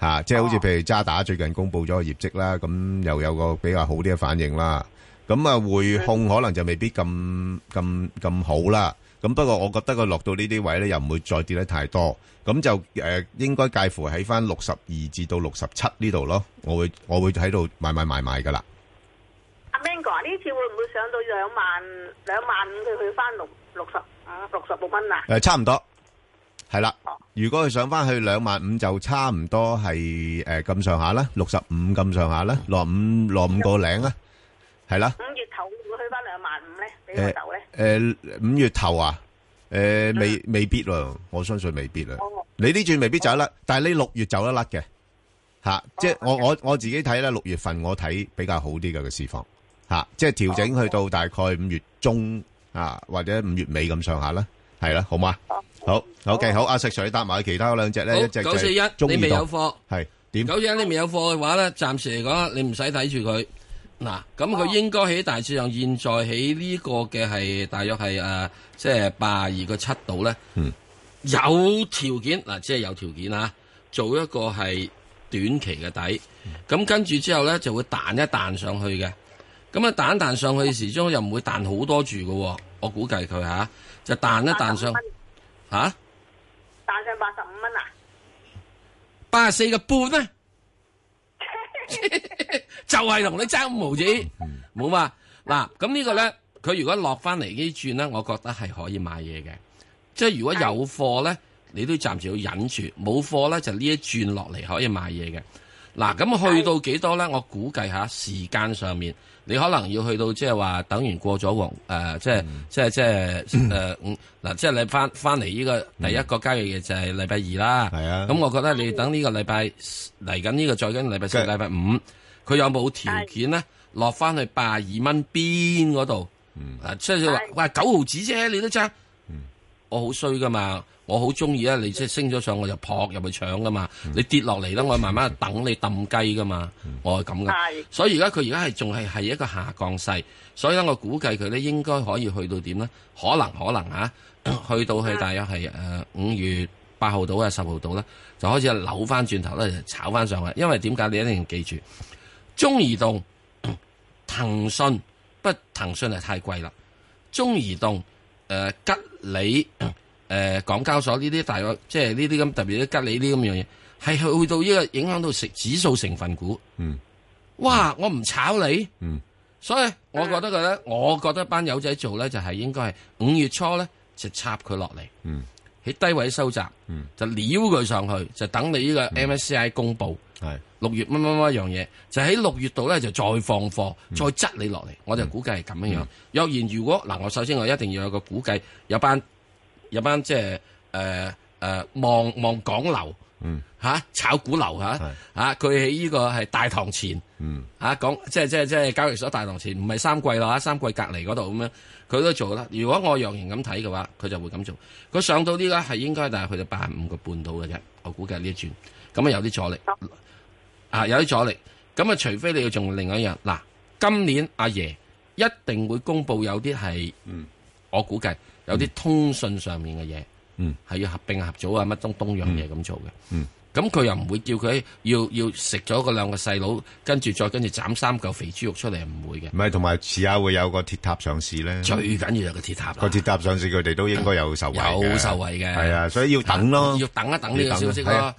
吓。即係好似譬如渣打最近公布咗個業績啦，咁、啊、又有個比較好啲嘅反應啦。咁啊，匯、啊、控可能就未必咁咁咁好啦。嗯咁不過我覺得佢落到呢啲位咧，又唔會再跌得太多。咁就誒應該介乎喺翻六十二至到六十七呢度咯。我會我會喺度買買買買噶啦。阿 Mango 呢次會唔會上到兩萬兩萬五佢去翻六六十五六十六蚊啊？誒差唔多，係啦。如果佢上翻去兩萬五，就差唔多係誒咁上下啦，六十五咁上下啦，落五落五個零啊，係啦。誒、誒，五月頭啊，誒，未未必咯，我相信未必啦。你呢轉未必走得甩，但係你六月走得甩嘅，吓，即係我我我自己睇啦。六月份我睇比較好啲嘅個市況，吓，即係調整去到大概五月中啊，或者五月尾咁上下啦，係啦，好嘛？好，OK 好，阿石水你答埋其他嗰兩隻咧，一隻九四一，你未有貨，係點？九四一你未有貨嘅話咧，暫時嚟講，你唔使睇住佢。嗱，咁佢應該喺大致上，現在喺呢個嘅係大約係誒，即係八二個七度咧。就是、嗯，有條件嗱、啊，即係有條件啊，做一個係短期嘅底。咁、嗯、跟住之後咧，就會彈一彈上去嘅。咁啊，彈彈上去始終又唔會彈好多住㗎，我估計佢吓、啊、就彈一彈上吓，元啊、彈上八十五蚊啊，八四個半咧。 [LAUGHS] 就係同你爭五毛子，冇嘛，嗯？嗱，咁、啊、呢個咧，佢如果落翻嚟呢轉咧，我覺得係可以買嘢嘅。即係如果有貨咧，你都暫時要忍住，冇貨咧，就呢一轉落嚟可以買嘢嘅。嗱，咁去到幾多咧？我估計下時間上面，你可能要去到即係話等完過咗黃誒，即係、嗯、即係即係誒，嗱，即係、呃嗯、你翻翻嚟呢個第一個交易日就係禮拜二啦。係啊、嗯，咁我覺得你等呢個禮拜嚟緊呢個再緊禮拜四、禮即拜五，佢有冇條件咧落翻去百二蚊邊嗰度？嗯，即係話喂，九毫子啫，你都揸。嗯，我好衰噶嘛。我好中意啊！你即係升咗上，我就撲入去搶噶嘛。嗯、你跌落嚟咧，我慢慢等你抌雞噶嘛。嗯、我係咁嘅，是所以而家佢而家係仲係係一個下降勢，所以咧我估計佢咧應該可以去到點咧？可能可能吓、啊， [COUGHS] 去到去大約係誒五月八號到啊十號到啦，就開始扭翻轉頭咧，炒翻上去。因為點解你一定要記住？中移動、騰訊 [COUGHS] 不騰訊係太貴啦，中移動誒、呃、吉利。 [COUGHS] 誒、呃，港交所呢啲，大約即係呢啲咁，特別啲吉利呢啲咁樣嘢，係去到呢個影響到食指數成分股。嗯，哇嘩，嗯、我唔炒你。嗯，所以我覺得佢咧，嗯、我覺得班友仔做咧就係、是、應該係五月初咧就插佢落嚟。嗯，喺低位收集。嗯、就撩佢上去，就等你呢個 MSCI 公布。係、嗯。六月乜乜乜一樣嘢？就喺六月度咧就再放貨，再質你落嚟。我就估計係咁樣樣。若然如果嗱，我首先我一定要有個估計，有班。有班即係誒誒，望望港樓，吓、啊、炒股樓吓吓，佢喺呢個係大堂前，吓講、嗯啊、即係即係即係交易所大堂前，唔係三季啦三季隔離嗰度咁樣，佢都做啦。如果我若然咁睇嘅話，佢就會咁做。佢上到呢個係應該，但係去到八十五個半度嘅啫，我估計呢一轉咁啊有啲阻力，啊有啲阻力。咁啊，除非你要做另外一樣嗱、啊，今年阿爺一定會公布有啲係，嗯，我估計。有啲通訊上面嘅嘢，嗯，係要合併合組啊，乜東東樣嘢咁做嘅，嗯，咁佢又唔會叫佢要要食咗嗰兩個細佬，跟住再跟住斬三嚿肥豬肉出嚟，唔會嘅。唔係，同埋遲下會有個鐵塔上市咧。最緊要有個鐵塔，個鐵塔上市，佢哋都應該有受惠嘅。有受惠嘅，係啊，所以要等咯，要等一等呢個消息好啊，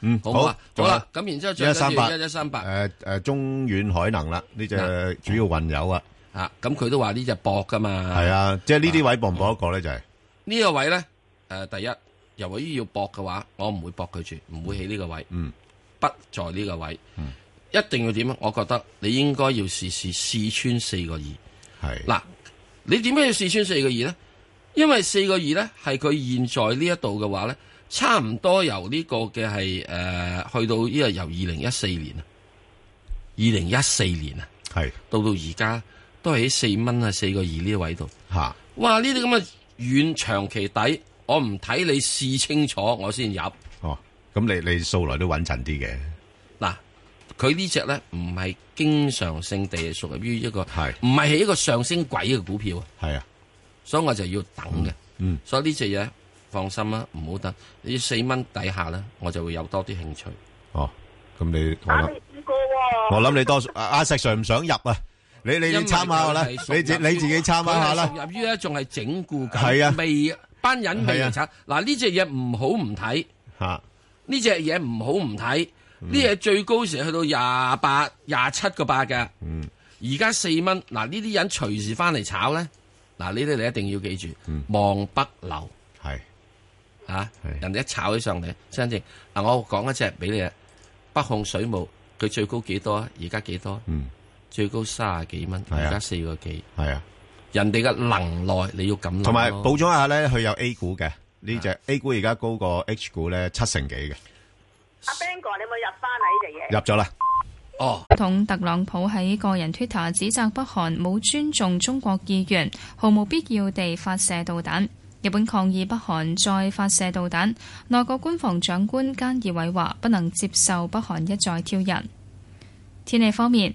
好啦，咁然之後再跟住一一三八，誒誒中遠海能啦，呢隻主要運油啊。啊，咁佢都話呢隻搏㗎嘛。係啊，即係呢啲位搏唔搏一個咧，就係。呢個位咧，誒、呃，第一，由於要搏嘅話，我唔會搏佢住，唔會喺呢個位，嗯、不在呢個位，嗯、一定要點啊？我覺得你應該要試試試穿四個二。係嗱是，你點解要試穿四個二咧？因為四個二咧係佢現在呢一度嘅話咧，差唔多由呢個嘅係誒，去到呢、這、啊、個、由二零一四年啊，二零一四年啊，係是到到而家都係喺四蚊啊四個二呢個位度。吓是，哇！呢啲咁嘅。遠長期底，我唔睇你試清楚，我先入。哦，咁你你數來都穩陣啲嘅。嗱，佢呢隻咧唔係經常性地屬於一個，係唔係一個上升軌嘅股票啊？係啊，所以我就要等嘅、嗯。嗯，所以呢隻嘢放心啦，唔好等。你四蚊底下咧，我就會有多啲興趣。哦，咁你我諗，我諗你、啊、你多數阿阿、啊、石 Sir 唔想入啊。你你要參考下啦，你自你自己參考下啦。入于咧仲係整固緊，係啊，未班人未嚟炒。嗱，呢隻嘢唔好唔睇，吓呢隻嘢唔好唔睇。呢隻最高時去到廿八、廿七個八嘅，嗯，而家四蚊。嗱，呢啲人隨時翻嚟炒咧，嗱，呢啲你一定要記住，望北流係，吓人哋一炒起上嚟真正。嗱，我講一隻俾你啊，北控水務佢最高幾多？而家幾多？嗯。最高卅幾蚊，而家、啊、四個幾，係啊。人哋嘅能耐你要咁，同埋補充一下呢，佢有 A 股嘅，呢隻 A 股而家高過 H 股呢，七成幾嘅。阿 Bang 哥，ingo，你有冇入翻嚟呢隻嘢，入咗啦。哦，同特朗普喺個人 Twitter 指責北韓冇尊重中國意願，毫無必要地發射導彈。日本抗議北韓再發射導彈，內閣官房長官菅義偉話不能接受北韓一再挑釁。天氣方面。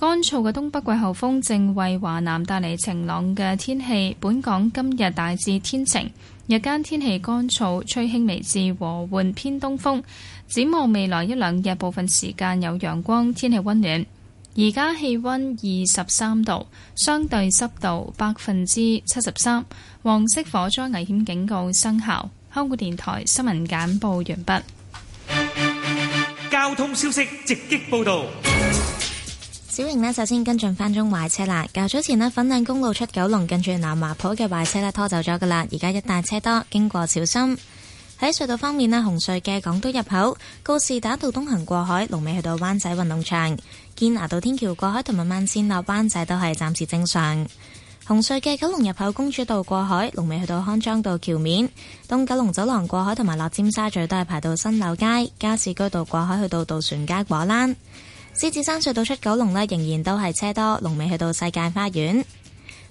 乾燥嘅東北季候風正為華南帶嚟晴朗嘅天氣，本港今日大致天晴，日間天氣乾燥，吹輕微至和緩偏東風。展望未來一兩日，部分時間有陽光，天氣溫暖。而家氣溫二十三度，相對濕度百分之七十三。黃色火災危險警告生效。香港電台新聞簡報完畢。交通消息直擊報道。小瑩呢，首先跟進返中壞車啦。較早前呢，粉嶺公路出九龍，跟住南華莆嘅壞車呢，拖走咗噶啦。而家一帶車多，經過小心。喺隧道方面呢，紅隧嘅港島入口、告士打道東行過海，龍尾去到灣仔運動場；堅拿道天橋過海同埋慢線落灣仔都係暫時正常。紅隧嘅九龍入口公主道過海，龍尾去到康莊道橋面；東九龍走廊過海同埋落尖沙咀都係排到新樓街、加士居道過海去到渡船街果欄。獅子山隧道出九龍呢，仍然都係車多，龍尾去到世界花園。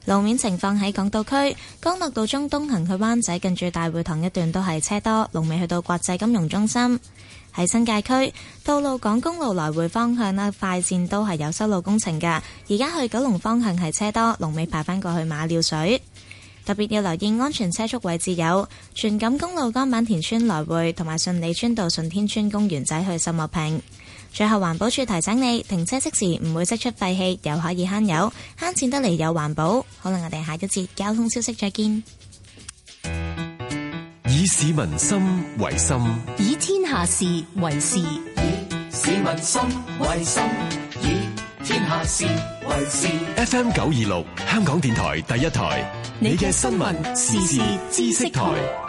路面情況喺港島區，干諾道中東行去灣仔近住大會堂一段都係車多，龍尾去到國際金融中心。喺新界區吐露港公路來回方向咧，快線都係有修路工程嘅，而家去九龍方向係車多，龍尾排返過去馬料水。特別要留意安全車速位置有荃錦公路、江板田村來回同埋順利村道、順天村公園仔去秀茂坪。最後環保處提醒你，停車熄匙唔會釋出廢氣，又可以慳油、慳錢得嚟，又環保。可能我哋下一節交通消息再見。以市民心為心，以天下事為事。以市民心為心，以天下事為事。F M 九二六，香港電台第一台，你嘅新聞時事知識台。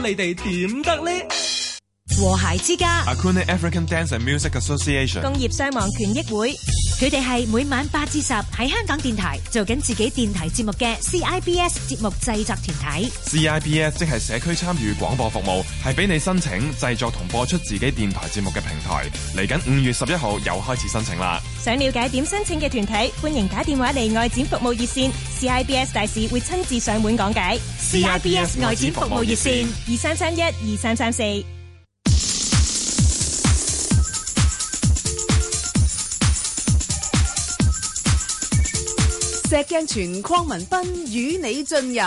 你哋點得呢？和諧之家，Acune African Dance and Music Association，工業商網權益會，佢哋係每晚八至十喺香港電台做緊自己電台節目嘅 CIBS 節目製作團體。CIBS 即係社區參與廣播服務，係俾你申請製作同播出自己電台節目嘅平台。嚟緊五月十一號又開始申請啦。想了解點申請嘅團體，歡迎打電話嚟外展服務熱線 CIBS 大使會親自上門講解。CIBS 外展服務熱線二三三一二三三四。石鏡泉鄺民彬與你進入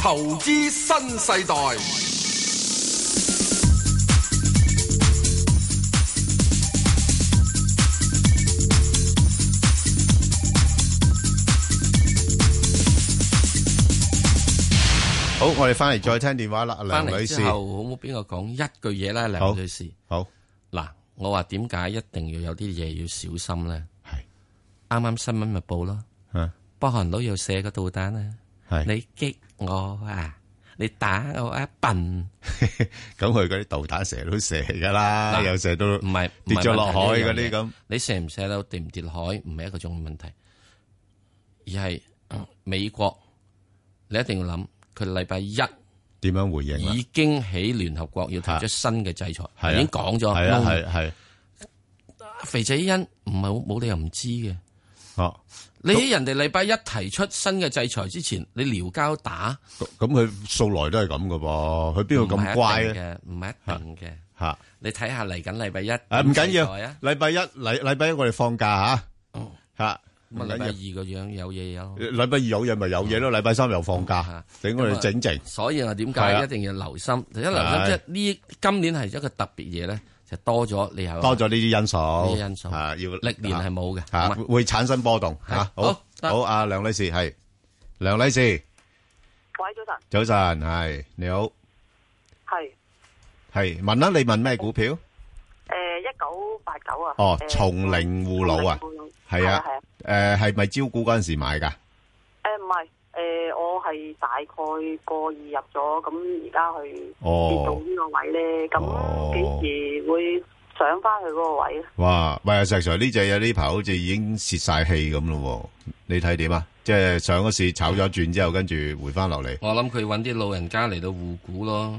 投資新世代。好，我哋翻嚟，再聽電話啦，梁女士。好冇，邊個講一句嘢咧？梁女士。好嗱，我話，點解一定要有啲嘢，要小心咧？啱啱新聞咪報咯，北韓佬又射個導彈啊！你激我啊！你打我啊！笨！咁佢嗰啲導彈成日都射噶啦，又射都唔係跌咗落海嗰啲咁，你射唔射到跌唔跌落海，唔係一個重要問題，而係美國你一定要諗，佢禮拜一點樣回應，已經喺聯合國要提出新嘅制裁，已經講咗，係係係。肥仔欣，唔係冇理由唔知嘅。啊！你喺人哋禮拜一提出新嘅制裁之前，你撩交打咁，佢素來都係咁噶噃，佢邊度咁乖嘅？唔係一定嘅，唔係一定嘅。吓，你睇下嚟緊禮拜一，唔緊要，禮拜一禮禮拜一我哋放假吓，吓。禮拜二個樣有嘢有，禮拜二有嘢咪有嘢咯，禮拜三又放假，俾我哋整靜。所以我點解一定要留心？就留心即係呢？今年係一個特別嘢咧。就多咗你係多咗呢啲因素，呢啲因素啊，要歷年係冇嘅，吓會產生波動吓。好，好，阿梁女士係，梁女士，喂，早晨，早晨係你好，係係問啊，你問咩股票？誒，一九八九啊，哦，松齡護老啊，係啊，誒，係咪招股嗰陣時買噶？誒，唔係，誒，我。係大概過二入咗，咁而家去跌到呢個位咧，咁幾、哦哦、時會上翻去嗰個位？哇！喂啊，石 Sir 呢只有呢排好似已經泄晒氣咁咯，你睇點啊？即係上嗰次炒咗轉之後，跟住回翻落嚟。我諗佢搵啲老人家嚟到護股咯，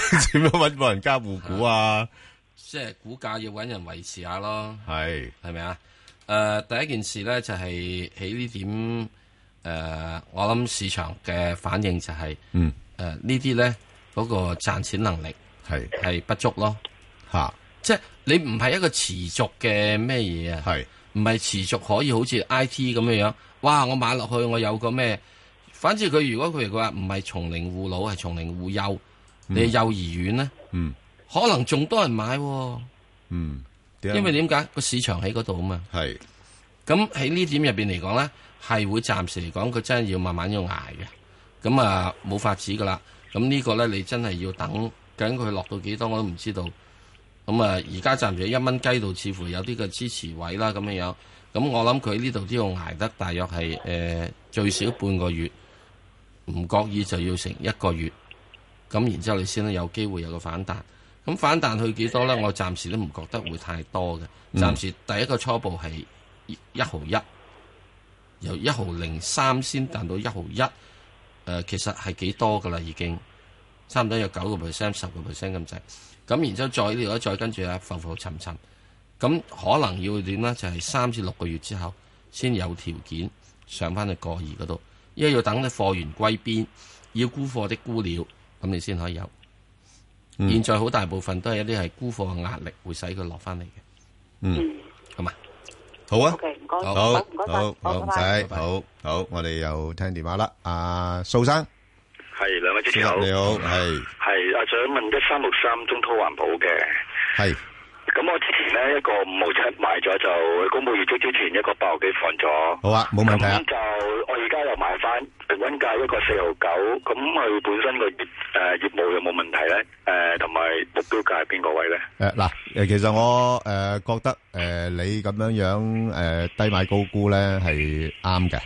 點樣搵老人家護股啊？即係、啊就是、股價要搵人維持下咯。係係咪啊？誒、呃，第一件事咧就係、是、起呢點。誒，uh, 我諗市場嘅反應就係、是，誒、嗯 uh, 呢啲咧嗰個賺錢能力係係不足咯，吓的，即係你唔係一個持續嘅咩嘢啊，係唔係持續可以好似 IT 咁樣樣？哇，我買落去我有個咩？反正佢如果佢話唔係從零護老，係從零護幼，你幼兒園咧，嗯，可能仲多人買，嗯，為因為點解個市場喺嗰度啊嘛，係的，咁喺呢點入邊嚟講咧？係會暫時嚟講，佢真係要慢慢要挨嘅，咁啊冇法子噶啦。咁呢個咧，你真係要等，究竟佢落到幾多我都唔知道。咁啊，而家暫時一蚊雞度，似乎有啲嘅支持位啦，咁樣樣。咁我諗佢呢度都要挨得大約係誒、呃、最少半個月，唔覺意就要成一個月。咁然之後你先有有機會有個反彈。咁反彈去幾多咧？我暫時都唔覺得會太多嘅。暫時第一個初步係一毫一。嗯由一毫零三先彈到一毫一，誒、呃，其實係幾多㗎喇？已經差唔多有九個 percent、十個 percent 咁滯，咁然之後再跌一再跟住啊浮浮沉沉，咁可能要點咧？就係、是、三至六個月之後先有條件上翻去過二嗰度，因為要等啲貨源歸邊，要沽貨的沽料。咁你先可以有。嗯、現在好大部分都係一啲係沽貨嘅壓力，會使佢落翻嚟嘅。嗯。好啊，okay, 謝謝好，好，好，好，仔，好好好唔使，好好我哋又聽電話啦，阿、啊、蘇生，係兩位主持人，你好，係，係阿長，想問一三六三中滔環保嘅，係。咁我之前咧一個五毫七買咗，就公佈業績之前一個八毫幾放咗，好啊，冇問題。咁就我而家又買翻平均價一個四毫九，咁佢本身個業誒業務有冇問題咧？誒，同埋目標價係邊個位咧？誒，嗱，誒，其實我誒覺得誒你咁樣樣誒低買高沽咧係啱嘅，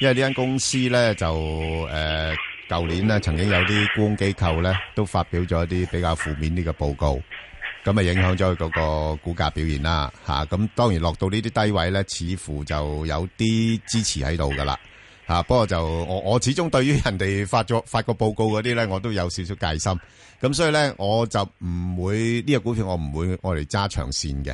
因為呢間公司咧就誒舊年咧曾經有啲沽空機構咧都發表咗一啲比較負面啲嘅報告。咁啊，影響咗佢嗰個股價表現啦，嚇！咁當然落到呢啲低位咧，似乎就有啲支持喺度噶啦，嚇、啊！不過就我我始終對於人哋發咗發個報告嗰啲咧，我都有少少戒心。咁、啊、所以咧，我就唔會呢、呢個股票，我唔會愛嚟揸長線嘅，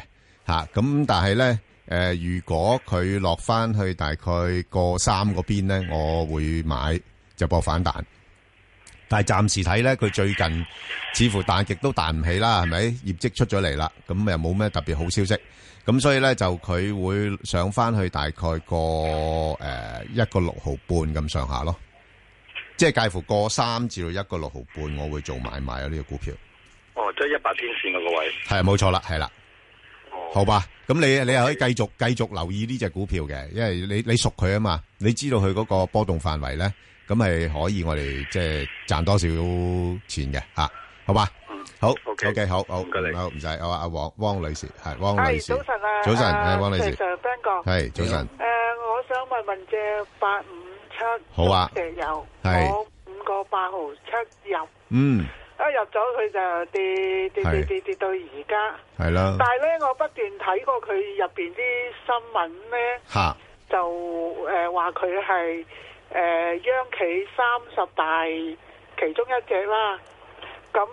嚇、啊！咁但係咧，誒、呃，如果佢落翻去大概過三個三嗰邊咧，我會買就博反彈。但係暫時睇咧，佢最近似乎彈極都彈唔起啦，係咪？業績出咗嚟啦，咁又冇咩特別好消息，咁所以咧就佢會上翻去大概個誒一個六毫半咁上下咯，即係介乎個三至到一個六毫半，我會做買賣啊呢個股票。哦，即係一百天線嗰個位，係冇錯啦，係啦。哦，好吧，咁你你又可以繼續繼續留意呢隻股票嘅，因為你你，你熟佢啊嘛，你知道佢嗰個波動範圍咧。咁係可以，我哋即係賺多少錢嘅吓，好嘛？好，O K，好好，唔該你，好，唔使。我阿汪汪女士係汪女士，早晨啊，早晨，係汪女士，係早晨。誒，我想問問隻八五七，好啊，有，油係五個八毫七入，嗯，一入咗佢就跌跌跌跌跌到而家，係啦。但係咧，我不斷睇過佢入邊啲新聞咧，吓就誒話佢係。誒、呃，央企三十大其中一隻啦，咁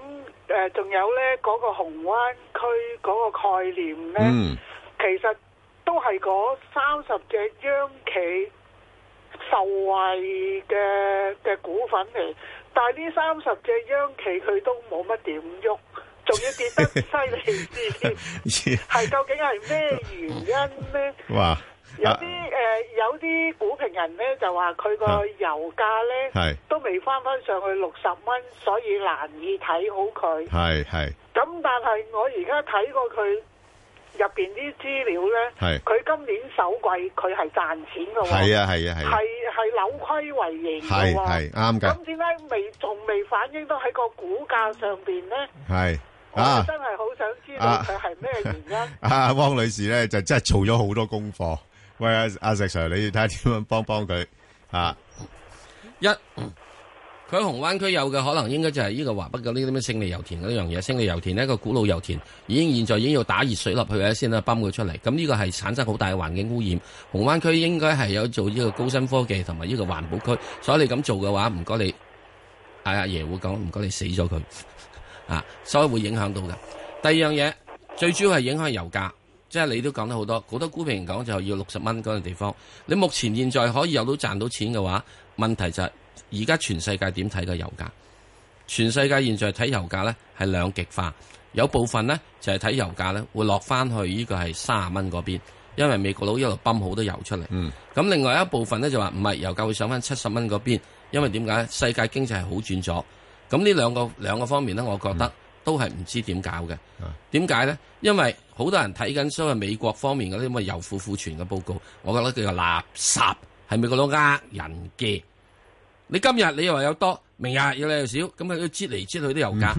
誒，仲、呃、有咧嗰、那個紅灣區嗰個概念咧，嗯、其實都係嗰三十隻央企受惠嘅嘅股份嚟，但係呢三十隻央企佢都冇乜點喐，仲要跌得犀利啲，係究竟係咩原因咧？哇有啲誒，有啲股評人咧就話佢個油價咧都未翻翻上去六十蚊，所以難以睇好佢。係係。咁但係我而家睇過佢入邊啲資料咧，佢今年首季佢係賺錢嘅喎。係啊係啊係。係係扭虧為盈嘅喎。係係啱㗎。咁點解未仲未反映到喺個股價上邊咧？係啊，我真係好想知道佢係咩原因。啊，汪女士咧就真係做咗好多功課。喂，阿、啊、阿石 Sir，你要睇下點樣幫幫佢啊？一，佢喺紅灣區有嘅可能應該、這個，應該就係呢個華北嘅呢啲咩勝利油田嗰一樣嘢。勝利油田呢一個古老油田，已經現在已經要打熱水落去嘅先啦，泵佢出嚟。咁呢個係產生好大嘅環境污染。紅灣區應該係有做呢個高新科技同埋呢個環保區，所以你咁做嘅話，唔該你，阿阿爺會講，唔該你死咗佢啊，所以會影響到嘅。第二樣嘢，最主要係影響油價。即係你都講得好多，好多股評講就要六十蚊嗰個地方。你目前現在可以有到賺到錢嘅話，問題就係而家全世界點睇個油價？全世界現在睇油價呢係兩極化，有部分呢就係、是、睇油價呢會落翻去呢個係三十蚊嗰邊，因為美國佬一路泵好多油出嚟。嗯。咁另外一部分呢就話唔係，油價會上翻七十蚊嗰邊，因為點解？世界經濟係好轉咗。咁呢兩個兩個方面呢，我覺得、嗯。都係唔知點搞嘅，點解呢？因為好多人睇緊所謂美國方面嗰啲咁嘅油庫庫存嘅報告，我覺得佢個垃圾係美國佬呃人嘅。你今日你又話有多，明日又嚟，又少，咁啊，都擠嚟擠去啲油價，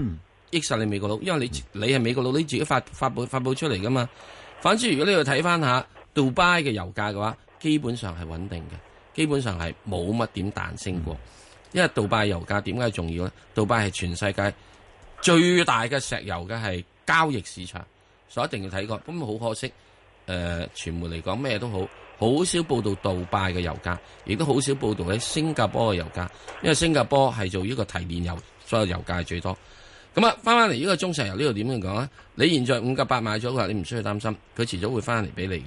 益晒你美國佬，因為你你係美國佬，你自己發發佈發佈出嚟㗎嘛。反之，如果你要睇返下杜拜嘅油價嘅話，基本上係穩定嘅，基本上係冇乜點彈升過。嗯、因為杜拜油價點解重要呢？杜拜係全世界。最大嘅石油嘅係交易市場，所以一定要睇過。咁好可惜，誒、呃，傳媒嚟講咩都好，好少報道杜拜嘅油價，亦都好少報道喺新加坡嘅油價，因為新加坡係做呢個提煉油，所以油價最多。咁啊，翻翻嚟呢個中石油呢度點樣講咧？你現在五及八買咗，佢話你唔需要擔心，佢遲早會翻嚟俾你嘅。誒、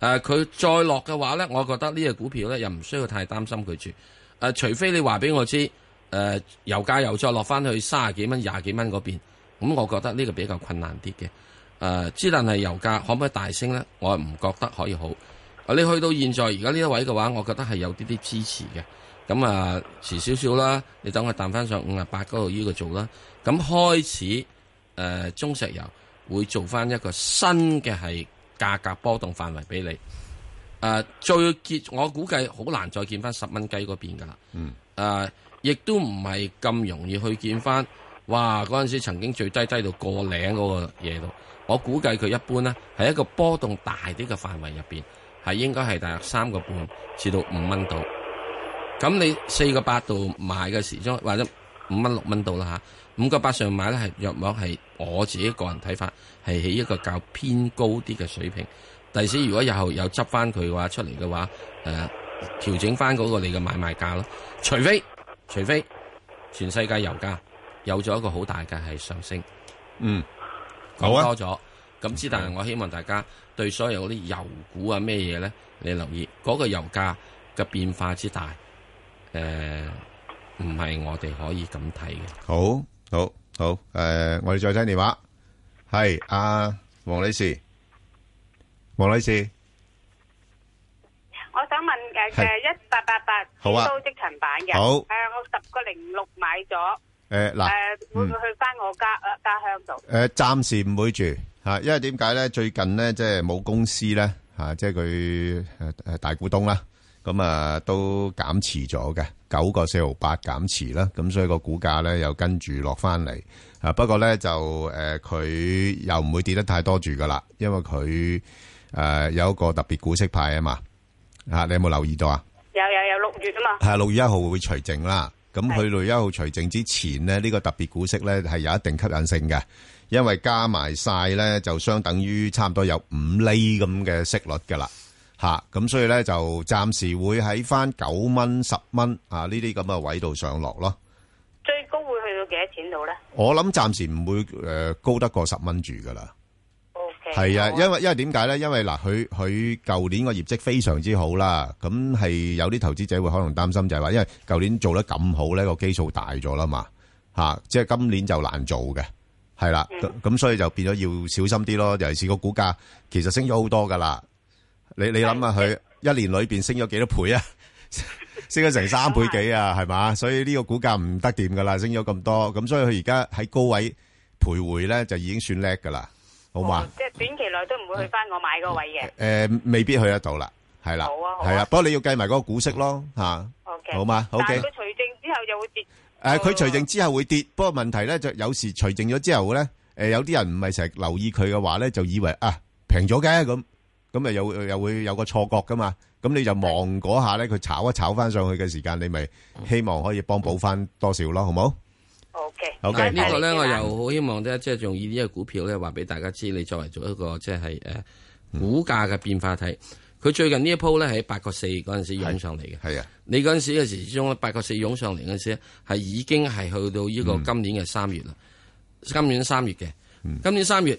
呃，佢再落嘅話咧，我覺得呢隻股票咧又唔需要太擔心佢住。誒、呃，除非你話俾我知。誒、呃，油價又再落翻去卅幾蚊、廿幾蚊嗰邊，咁我覺得呢個比較困難啲嘅。誒、呃，之但係油價可唔可以大升咧？我唔覺得可以好。呃、你去到現在而家呢一位嘅話，我覺得係有啲啲支持嘅。咁、呃、啊，遲少少啦，你等佢彈翻上五十八嗰度呢個做啦。咁開始，誒、呃，中石油會做翻一個新嘅係價格波動範圍俾你。誒、呃，最見我估計好難再見翻十蚊雞嗰邊噶啦。嗯。誒、呃。亦都唔係咁容易去見翻，哇！嗰陣時曾經最低低到過嶺嗰個嘢度，我估計佢一般呢係一個波動大啲嘅範圍入邊，係應該係大約三個半至到五蚊度。咁你四個八度買嘅時候或者五蚊六蚊度啦吓，五個八上買呢係若望係我自己個人睇法，係喺一個較偏高啲嘅水平。第時如果日後有執翻佢話出嚟嘅話，誒、啊，調整翻嗰個你嘅買賣價咯，除非。除非全世界油價有咗一個好大嘅係上升，嗯，好多咗、啊，咁之但係我希望大家對所有嗰啲油股啊咩嘢咧，你留意嗰、那個油價嘅變化之大，誒、呃，唔係我哋可以咁睇嘅。好，好，好，誒、呃，我哋再聽電話，係阿黃女士，黃女士，我想問。係一八八八，好啊，好，係、嗯、啊，我十個零六買咗。誒，嗱，誒，會唔會去翻我家誒家鄉度？誒，暫時唔會住吓，因為點解咧？最近咧，即係冇公司咧吓，即係佢誒誒大股東啦。咁啊，都減持咗嘅九個四毫八減持啦。咁所以個股價咧又跟住落翻嚟。啊，不過咧就誒，佢、呃、又唔會跌得太多住噶啦，因為佢誒、呃、有一個特別股息派啊嘛。啊！你有冇留意到啊？有有有六月啊嘛。係啊，六月一號會除淨啦。咁去六月一號除淨之前咧，呢、這個特別股息咧係有一定吸引性嘅，因為加埋晒咧就相等於差唔多有五厘咁嘅息率噶啦。吓、啊，咁所以咧就暫時會喺翻九蚊、十蚊啊呢啲咁嘅位度上落咯。最高會去到幾多錢度咧？我諗暫時唔會誒、呃、高得過十蚊住噶啦。係啊，因為因為點解咧？因為嗱，佢佢舊年個業績非常之好啦，咁係有啲投資者會可能擔心就係話，因為舊年做得咁好咧，個基數大咗啦嘛，吓，即係今年就難做嘅，係啦，咁咁所以就變咗要小心啲咯。尤其是個股價，其實升咗好多噶啦，你你諗下佢一年裏邊升咗幾多倍啊？升咗成三倍幾啊？係嘛，所以呢個股價唔得掂噶啦，升咗咁多，咁所以佢而家喺高位徘徊咧，就已經算叻噶啦。好嘛，即係短期內都唔會去翻我買嗰位嘅。誒，未必去得到啦，係啦，係啊。不過你要計埋嗰個股息咯，吓。好嘅，好嘛，好嘅。但係佢除淨之後就會跌。誒，佢除淨之後會跌，不過問題咧，就有時除淨咗之後咧，誒，有啲人唔係成日留意佢嘅話咧，就以為啊平咗嘅咁，咁啊又又會有個錯覺噶嘛。咁你就望嗰下咧，佢炒一炒翻上去嘅時間，你咪希望可以幫補翻多少咯，好冇？O K，嗱呢個咧 Yeah. 我又好希望咧，即係以呢個股票咧，話俾大家知，你作為做一個即係誒股價嘅變化睇，佢、嗯、最近呢一波咧喺八個四嗰陣時湧上嚟嘅，係啊，你嗰陣時嗰時中八個四湧上嚟嗰陣時咧，係已經係去到呢個今年嘅三月啦，嗯、今年三月嘅，嗯、今年三月，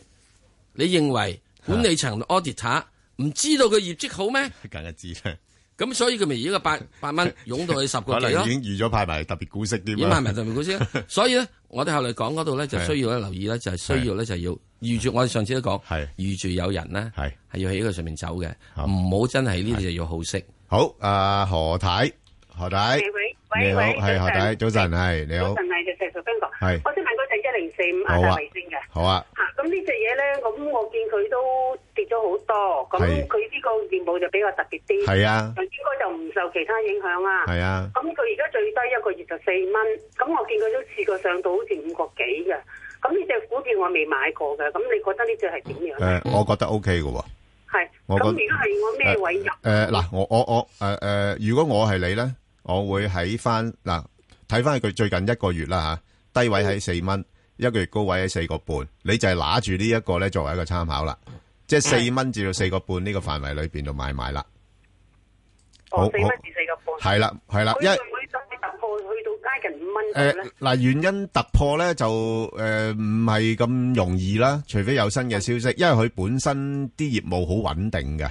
你認為管理層 auditor 唔知道佢業績好咩？梗係、啊、 [LAUGHS] 知。咁所以佢咪而家八八蚊湧到去十個幾咯？已經預咗派埋特別股息添。已派埋特別股息啦，所以咧，我哋後嚟講嗰度咧，就需要咧留意咧，就係需要咧，就要預住。我哋上次都講，係預住有人咧，係係要喺呢個上面走嘅，唔好真係呢啲就要好息。好，阿何太，何太，你好，係何太，早晨，係你好。零四五亞太衛星嘅好啊，嚇咁、啊啊、呢隻嘢咧，咁我見佢都跌咗好多，咁佢呢個業務就比較特別啲，係啊，應該就唔受其他影響啊，係啊。咁佢而家最低一個月就四蚊，咁我見佢都試過上到好似五個幾嘅。咁呢隻股票我未買過嘅，咁你覺得隻呢隻係點樣咧？我覺得 O K 嘅喎，咁如果係我咩位入？誒嗱、呃呃，我我我誒誒、呃呃，如果我係你咧，我會喺翻嗱睇翻佢最近一個月啦嚇，低位喺四蚊。一個月高位喺四個半，你就係拿住呢一個咧作為一個參考啦。即係四蚊至到四個半呢個範圍裏邊就買賣啦。好，四蚊至四個半，係啦係啦。一每次突破去到挨近五蚊咧。嗱，原因突破咧就誒唔係咁容易啦，除非有新嘅消息，因為佢本身啲業務好穩定嘅。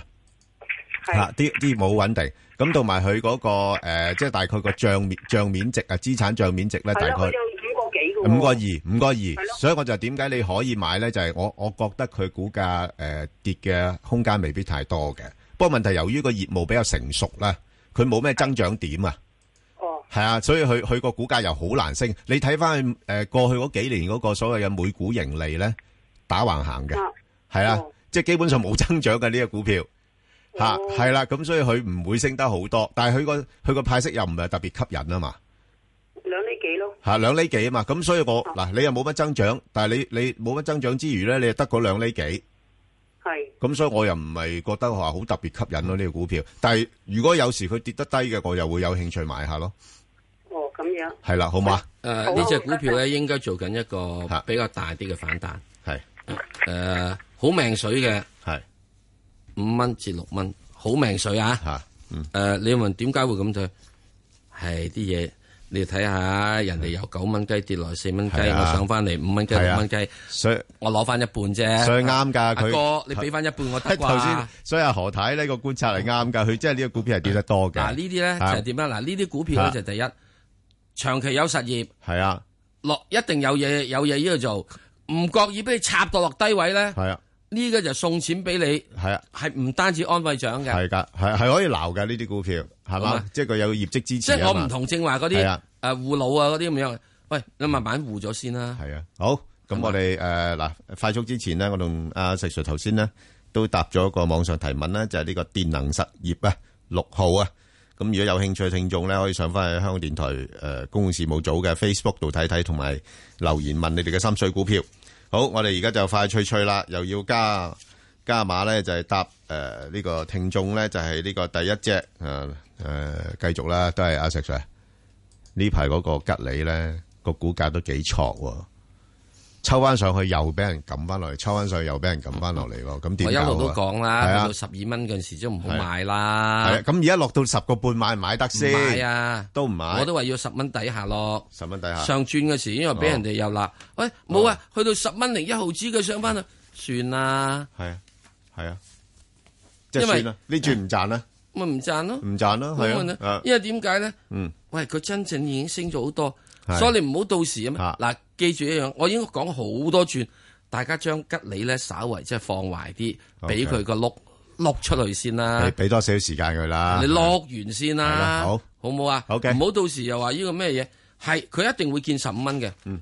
係啦，啲啲業務好穩定，咁同埋佢嗰個誒，即係大概個帳面帳面值啊，資產帳面值咧，大概。五個二，五個二，所以我就點解你可以買呢？就係我，我覺得佢股價誒跌嘅空間未必太多嘅。不過問題由於個業務比較成熟啦，佢冇咩增長點啊，係啊，所以佢佢個股價又好難升。你睇翻誒過去嗰幾年嗰個所謂嘅每股盈利呢，打橫行嘅，係啦，即係基本上冇增長嘅呢個股票嚇，係啦，咁所以佢唔會升得好多。但係佢個佢個派息又唔係特別吸引啊嘛。係兩厘幾啊嘛，咁所以我嗱、啊、你又冇乜增長，但係你你冇乜增長之餘咧，你又得嗰兩厘幾，係是，咁所以我又唔係覺得話好特別吸引咯、啊、呢、這個股票，但係如果有時佢跌得低嘅，我又會有興趣買下咯。哦，咁樣，係啦，好嘛？誒、啊，呢隻股票咧應該做緊一個比較大啲嘅反彈，係是，誒，uh, 好命水嘅，係是，五蚊至六蚊，好命水啊，吓，誒、嗯，uh, 你問點解會咁對？係啲嘢。你睇下，人哋由九蚊雞跌落四蚊雞，是啊、我上翻嚟五蚊雞、六蚊雞，所以我攞翻一半啫。所以啱噶，阿哥，你俾翻一半我得啩。所以阿何太呢個觀察係啱噶，佢即係呢個股票係跌得多嘅。嗱呢啲咧就點樣？嗱呢啲是、啊、股票咧就係、第一是、啊、長期有實業，係啊，落一定有嘢有嘢呢度做，唔覺意俾你插到落低位咧。呢個就送錢俾你，係啊，係唔單止安慰獎嘅，係噶，係係可以撈嘅呢啲股票，係嘛，嗎即係佢有業績支持。嗎嗎即係我唔同正話嗰啲誒護老啊嗰啲咁樣，啊、喂，你慢慢護咗先啦。係啊，好，咁我哋誒嗱，快速之前呢，我同阿石 Sir 頭先呢，都答咗個網上提問啦，就係、是、呢個電能實業啊，六號啊，咁如果有興趣嘅聽眾咧，可以上翻去香港電台誒公共事務組嘅 Facebook 度睇睇，同埋留言問你哋嘅心水股票。好，我哋而家就快脆脆啦，又要加加碼咧，就係答誒呢個聽眾咧，就係、是、呢個第一隻誒、呃呃，繼續啦，都係阿石 Sir。呢排嗰個吉利咧，個股價都幾挫。抽翻上去又俾人撳翻落嚟，抽翻上去又俾人撳翻落嚟咯。咁我一路都講啦，到十二蚊嗰陣時都唔好買啦。咁而家落到十個半買唔買得先，都唔買。我都話要十蚊底下咯，十蚊底下上轉嘅時，因為俾人哋又落。喂，冇啊，去到十蚊零一毫子佢上翻啦，算啦。係啊，係啊，即係算啦。呢轉唔賺啦，咪唔賺咯，唔賺咯，係啊，因為點解咧？嗯，喂，佢真正已經升咗好多，所以你唔好到時啊嗱記住一樣，我應該講好多轉，大家將吉利咧，稍為即係放壞啲，俾佢個碌碌出去先啦。俾多少少時間佢啦，的你落完先啦，好，好唔好啊？好嘅，唔好到時又話呢個咩嘢，係佢一定會見十五蚊嘅。嗯，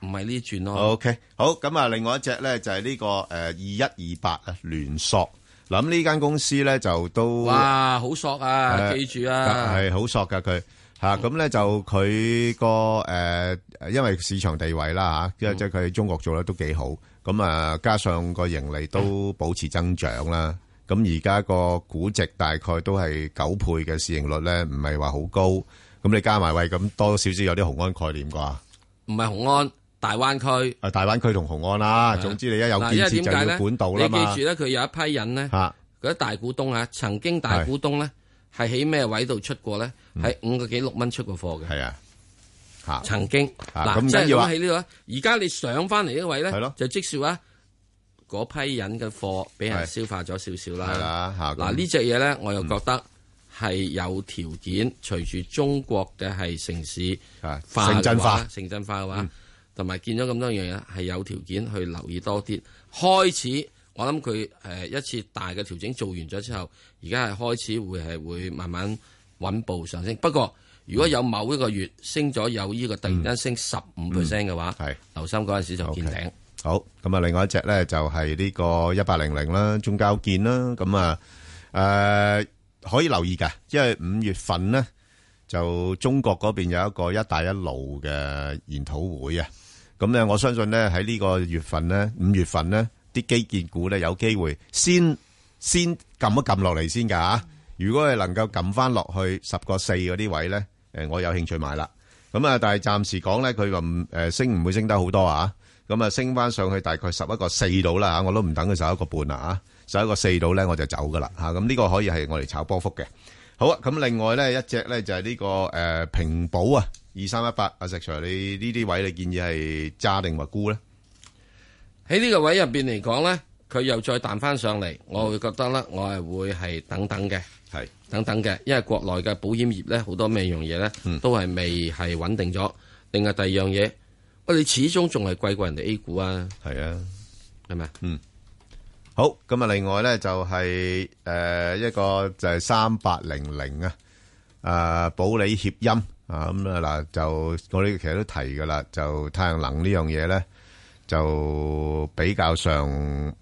唔係呢轉咯。OK，好，咁啊，另外一隻咧，就係、是、呢、這個誒二一二八啊，聯、呃、塑。嗱呢間公司咧，就都哇好索啊，記住啊，係好索㗎佢。吓咁咧就佢個誒，因為市場地位啦吓，即係即係佢喺中國做得都幾好。咁啊，加上個盈利都保持增長啦。咁而家個估值大概都係九倍嘅市盈率咧，唔係話好高。咁你加埋位咁多少少有啲雄安概念啩？唔係雄安，大灣區。啊，大灣區同雄安啦，總之你一有建設就要管道啦嘛。你記住咧，佢有一批人咧，嗰啲大股東啊，曾經大股東咧。係喺咩位度出過咧？係五個幾六蚊出過貨嘅。係啊，吓曾經嗱，即係喺呢度啊。而家你上翻嚟呢個位咧，啊、就即說話，嗰批人嘅貨俾人消化咗少少啦。嗱呢隻嘢咧，啊啊啊、我又覺得係有條件，嗯、隨住中國嘅係城市化、城鎮化、城鎮、啊、化嘅話，同埋見咗咁多樣嘢，係有條件去留意多啲。開始我諗佢誒一次大嘅調整做完咗之後。而家係開始，會係會慢慢穩步上升。不過，如果有某一個月升咗有呢個突然間升十五 percent 嘅話，係留心嗰陣時，就見頂。好，咁啊，另外一隻咧就係呢個一八零零啦，中交建啦。咁啊，誒可以留意嘅，因為五月份咧就中國嗰邊有一個一帶一路嘅研討會啊。咁咧，我相信咧喺呢個月份咧，五月份咧啲基建股咧有機會先先。撳一撳落嚟先噶吓，如果係能夠撳翻落去十個四嗰啲位咧，誒，我有興趣買啦。咁啊，但係暫時講咧，佢唔誒升唔會升得好多啊。咁啊，升翻上去大概十一個四到啦吓，我都唔等佢十一個半啦啊，十一個四到咧我就走噶啦吓。咁呢個可以係我哋嚟炒波幅嘅。好啊，咁另外咧一隻咧就係呢個誒平保啊，二三一八。阿石 Sir，你呢啲位你建議係揸定或沽咧？喺呢個位入邊嚟講咧。佢又再彈翻上嚟，我會覺得啦，我係會係等等嘅，係是等等嘅，因為國內嘅保險業咧，好多咩樣嘢咧，嗯、都係未係穩定咗。另外第二樣嘢，我、哦、哋始終仲係貴過人哋 A 股啊，係啊，係咪嗎？嗯，好，咁啊，另外咧就係、是、誒、呃、一個就係三八零零啊，誒保利協鑫。啊，咁啊嗱，就我哋其實都提噶啦，就太陽能呢樣嘢咧。就比較上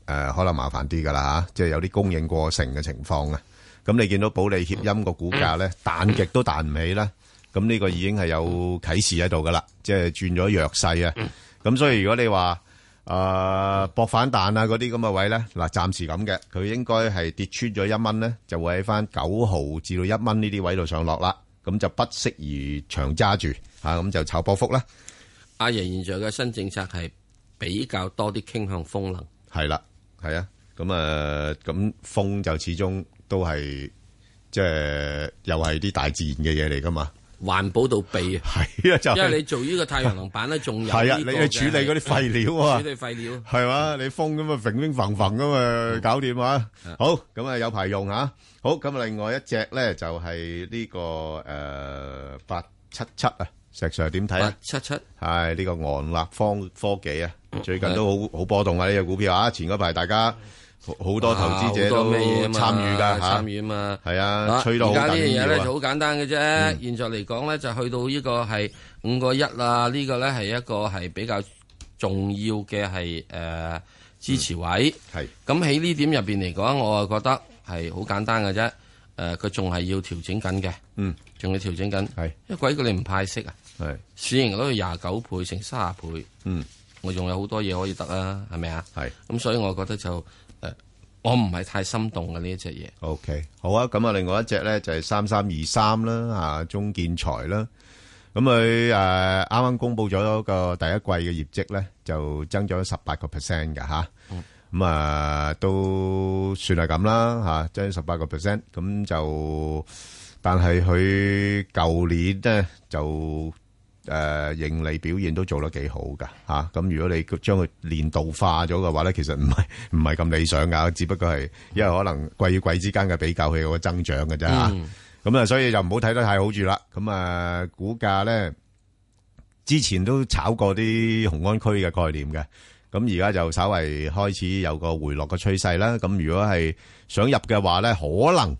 誒，可能麻煩啲噶啦吓，即係有啲供應過剩嘅情況啊。咁你見到保利協鑫個股價咧彈極都彈唔起啦。咁呢個已經係有啟示喺度噶啦，即係轉咗弱勢啊。咁所以如果你話誒博反彈啊嗰啲咁嘅位咧，嗱暫時咁嘅，佢應該係跌穿咗一蚊咧，就會喺翻九毫至到一蚊呢啲位度上落啦。咁就不適宜長揸住吓，咁就炒波幅啦。阿爺，現在嘅新政策係？比較多啲傾向風能係啦，係 [NOISE] 啊，咁啊，咁、啊、風就始終都係即係又係啲大自然嘅嘢嚟噶嘛，環保到痹啊！係 [NOISE] 啊，就係、因為你做呢個太陽能板咧，仲有係、就係、啊，你去處理嗰啲廢料啊， [NOISE] 處理廢料係嘛，你風咁啊，搵搵縫縫咁啊，嗯、搞掂啊！好，咁啊，有排用啊！好，咁啊，另外一隻咧就係、是、呢、這個誒、呃、八七七啊，石 Sir, s i 點睇八七七係呢、哎這個昂立方科技啊！最近都好好波動啊！呢隻股票啊，前嗰排大家好多投資者都參與噶嚇，參與啊嘛，係啊，吹到好緊要。而家咩嘢咧就好簡單嘅啫。現在嚟講咧，就去到呢個係五個一啦。呢個咧係一個係比較重要嘅係誒支持位。係咁喺呢點入邊嚟講，我啊覺得係好簡單嘅啫。誒，佢仲係要調整緊嘅，嗯，仲要調整緊，係因為鬼叫你唔派息啊，係市盈率廿九倍，成卅倍，嗯。我仲有好多嘢可以得啊，係咪啊？係，咁所以我覺得就誒，我唔係太心動嘅呢一隻嘢。OK，好啊，咁啊，另外一隻咧就係三三二三啦，啊，中建材啦，咁佢誒啱啱公布咗個第一季嘅業績咧，就增咗十八個 percent 㗎嚇，咁啊都算係咁啦嚇，增十八個 percent，咁就但係佢舊年咧就。誒、呃，盈利表現都做得幾好噶嚇，咁、啊、如果你將佢年度化咗嘅話咧，其實唔係唔係咁理想噶，只不過係因為可能季與季之間嘅比較，佢有個增長嘅啫嚇。咁、嗯、啊，所以就唔好睇得太好住啦。咁啊，股價咧之前都炒過啲紅安區嘅概念嘅，咁而家就稍微開始有個回落嘅趨勢啦。咁、啊、如果係想入嘅話咧，可能誒、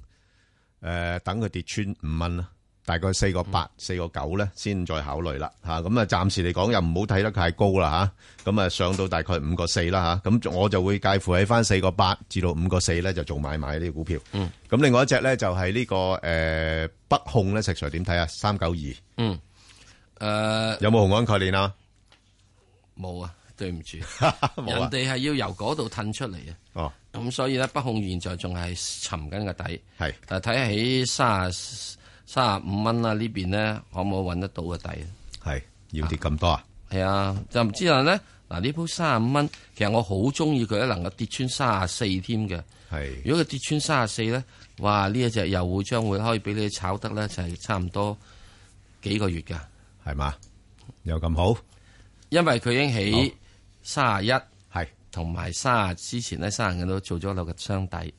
啊、等佢跌穿五蚊啦。大概四個八、四個九咧，先再考慮啦嚇。咁啊，暫時嚟講又唔好睇得太高啦嚇。咁啊，啊，上到大概五個四啦嚇。咁、啊、我就會介乎喺翻四個八至到五個四咧，就做買賣呢啲股票。嗯。咁另外一隻咧就係、是、呢、這個誒、呃、北控咧，石 Sir 點睇啊？三九二。嗯。誒、呃。有冇雄安概念啊？冇啊，對唔住。人哋係要由嗰度褪出嚟啊。哦。咁所以咧，北控現在仲係沉緊個底。係是。誒，睇起三三十五蚊啦，邊呢邊咧可唔可以搵得到個底啊？係要跌咁多啊？係啊，就唔知道咧。嗱，呢鋪三十五蚊，其實我好中意佢，能夠跌穿三十四添嘅。係是，如果佢跌穿三十四咧，哇，呢一隻又會將會可以俾你炒得咧，就係、是、差唔多幾個月噶。係嘛，又咁好，因為佢已經起三十一，係同埋三啊之前咧三啊幾都做咗兩個箱底，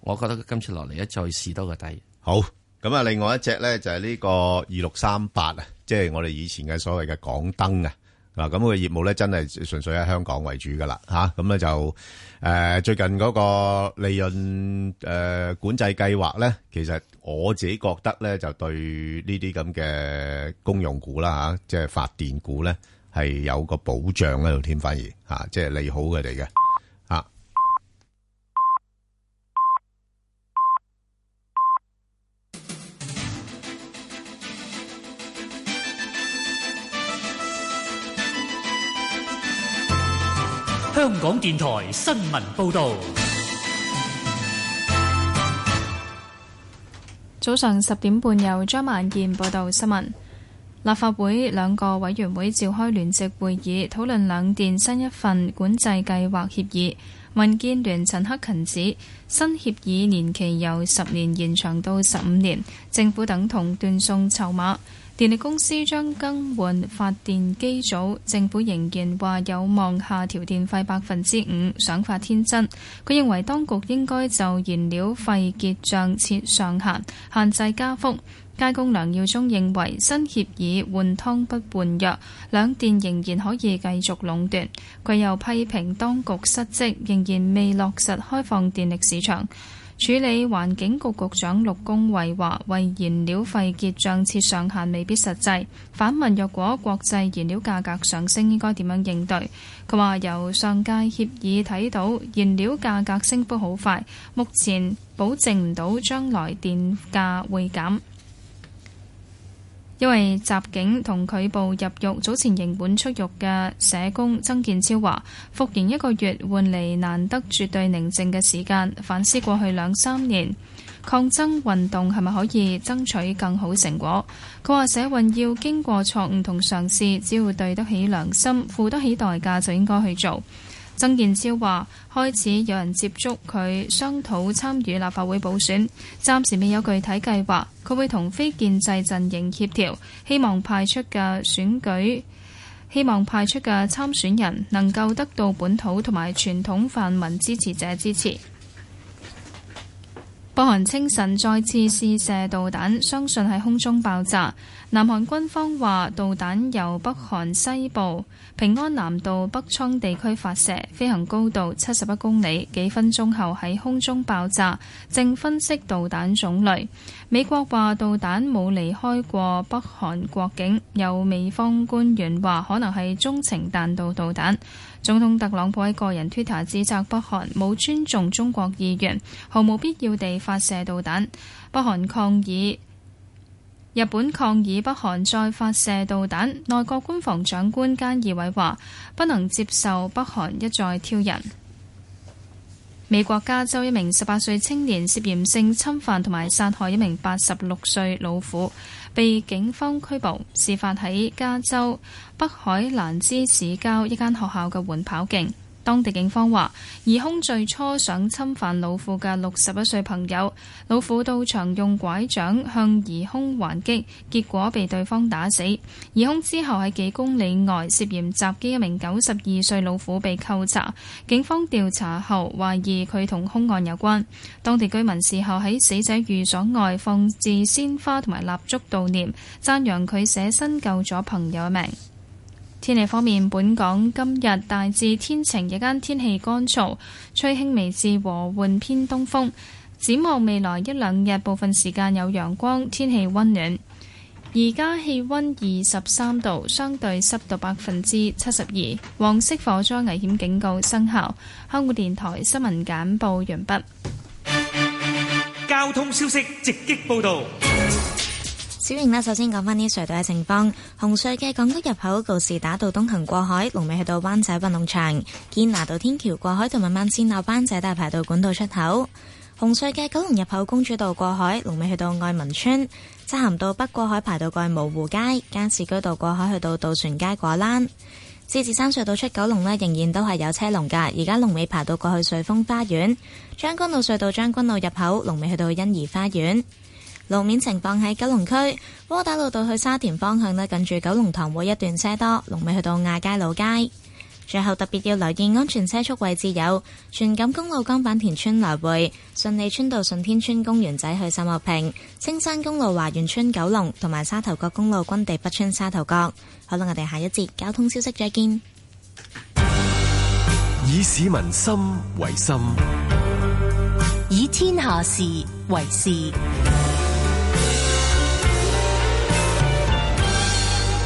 我覺得今次落嚟一再試多個底。好。咁啊，另外一隻咧就係呢個二六三八啊，即係我哋以前嘅所謂嘅港燈啊。嗱，咁佢業務咧真係純粹喺香港為主噶啦嚇。咁、啊、咧、嗯、就誒、呃、最近嗰個利潤誒、呃、管制計劃咧，其實我自己覺得咧就對呢啲咁嘅公用股啦嚇，即、啊、係、就是、發電股咧係有個保障喺度添，反而嚇即係利好佢哋嘅。香港電台新聞報道：早上十點半，由張萬健報道新聞。立法會兩個委員會召開聯席會議，討論兩電新一份管制計劃協議。民建聯陳克勤指，新協議年期由十年延長到十五年，政府等同斷送籌碼。電力公司將更換發電機組，政府仍然話有望下調電費百分之五，想法天真。佢認為當局應該就燃料費結帳設上限，限制加幅。街工梁耀忠認為新協議換湯不換藥，兩電仍然可以繼續壟斷。佢又批評當局失職，仍然未落實開放電力市場。處理環境局局長陸恭蕙話：為燃料費結帳設上限未必實際。反問若果國際燃料價格上升，應該點樣應對？佢話由上屆協議睇到，燃料價格升幅好快，目前保證唔到將來電價會減。因為襲警同拒捕入獄，早前刑滿出獄嘅社工曾建超話：服刑一個月，換嚟難得絕對寧靜嘅時間，反思過去兩三年抗爭運動係咪可以爭取更好成果。佢話社運要經過錯誤同嘗試，只要對得起良心、付得起代價，就應該去做。曾健超話：開始有人接觸佢商討參與立法會補選，暫時未有具體計劃。佢會同非建制陣營協調，希望派出嘅選舉，希望派出嘅參選人能夠得到本土同埋傳統泛民支持者支持。北韓清晨再次試射導彈，相信喺空中爆炸。南韓軍方話導彈由北韓西部平安南道北倉地區發射，飛行高度七十一公里，幾分鐘後喺空中爆炸。正分析導彈種類。美國話導彈冇離開過北韓國境，有美方官員話可能係中程彈道導彈。總統特朗普喺個人 Twitter 指責北韓冇尊重中國意願，毫無必要地發射導彈。北韓抗議。日本抗議北韓再發射導彈，內閣官房長官菅義偉話：不能接受北韓一再挑釁。美國加州一名十八歲青年涉嫌性侵犯同埋殺害一名八十六歲老虎，被警方拘捕。事發喺加州北海蘭茲市郊一間學校嘅緩跑徑。當地警方話，疑兇最初想侵犯老婦嘅六十一歲朋友，老婦到場用拐杖向疑兇還擊，結果被對方打死。疑兇之後喺幾公里外涉嫌襲擊一名九十二歲老婦，被扣查。警方調查後懷疑佢同兇案有關。當地居民事後喺死者寓所外放置鮮花同埋蠟燭悼念，讚揚佢捨身救咗朋友嘅命。天氣方面，本港今日大致天晴，日間天氣乾燥，吹輕微至和緩偏東風。展望未來一兩日，部分時間有陽光，天氣溫暖。而家氣溫二十三度，相對濕度百分之七十二。黃色火災危險警告生效。香港電台新聞簡報完畢。交通消息直擊報道。小明呢，首先講返啲隧道嘅情況。紅隧嘅港島入口告士打道東行過海，龍尾去到灣仔運動場；堅拿道天橋過海，同埋彎尖樓灣仔大排到管道出口。紅隧嘅九龍入口公主道過海，龍尾去到愛民村；漆咸道北過海排到過去蕪湖街；加士居道過海去到渡船街果欄。獅子山隧道出九龍呢，仍然都係有車龍噶。而家龍尾排到過去瑞豐花園將軍路隧道將軍路入口，龍尾去到欣怡花園。路面情況喺九龍區窩打老道去沙田方向咧，近住九龍塘會一段車多，龍尾去到亞皆老街。最後特別要留意安全車速位置有：荃錦公路江坂田村來回、順利村道順天村公園仔去沙樂坪，青山公路華園村九龍同埋沙頭角公路軍地北村沙頭角。好啦，我哋下一節交通消息再見。以市民心為心，以天下事為事。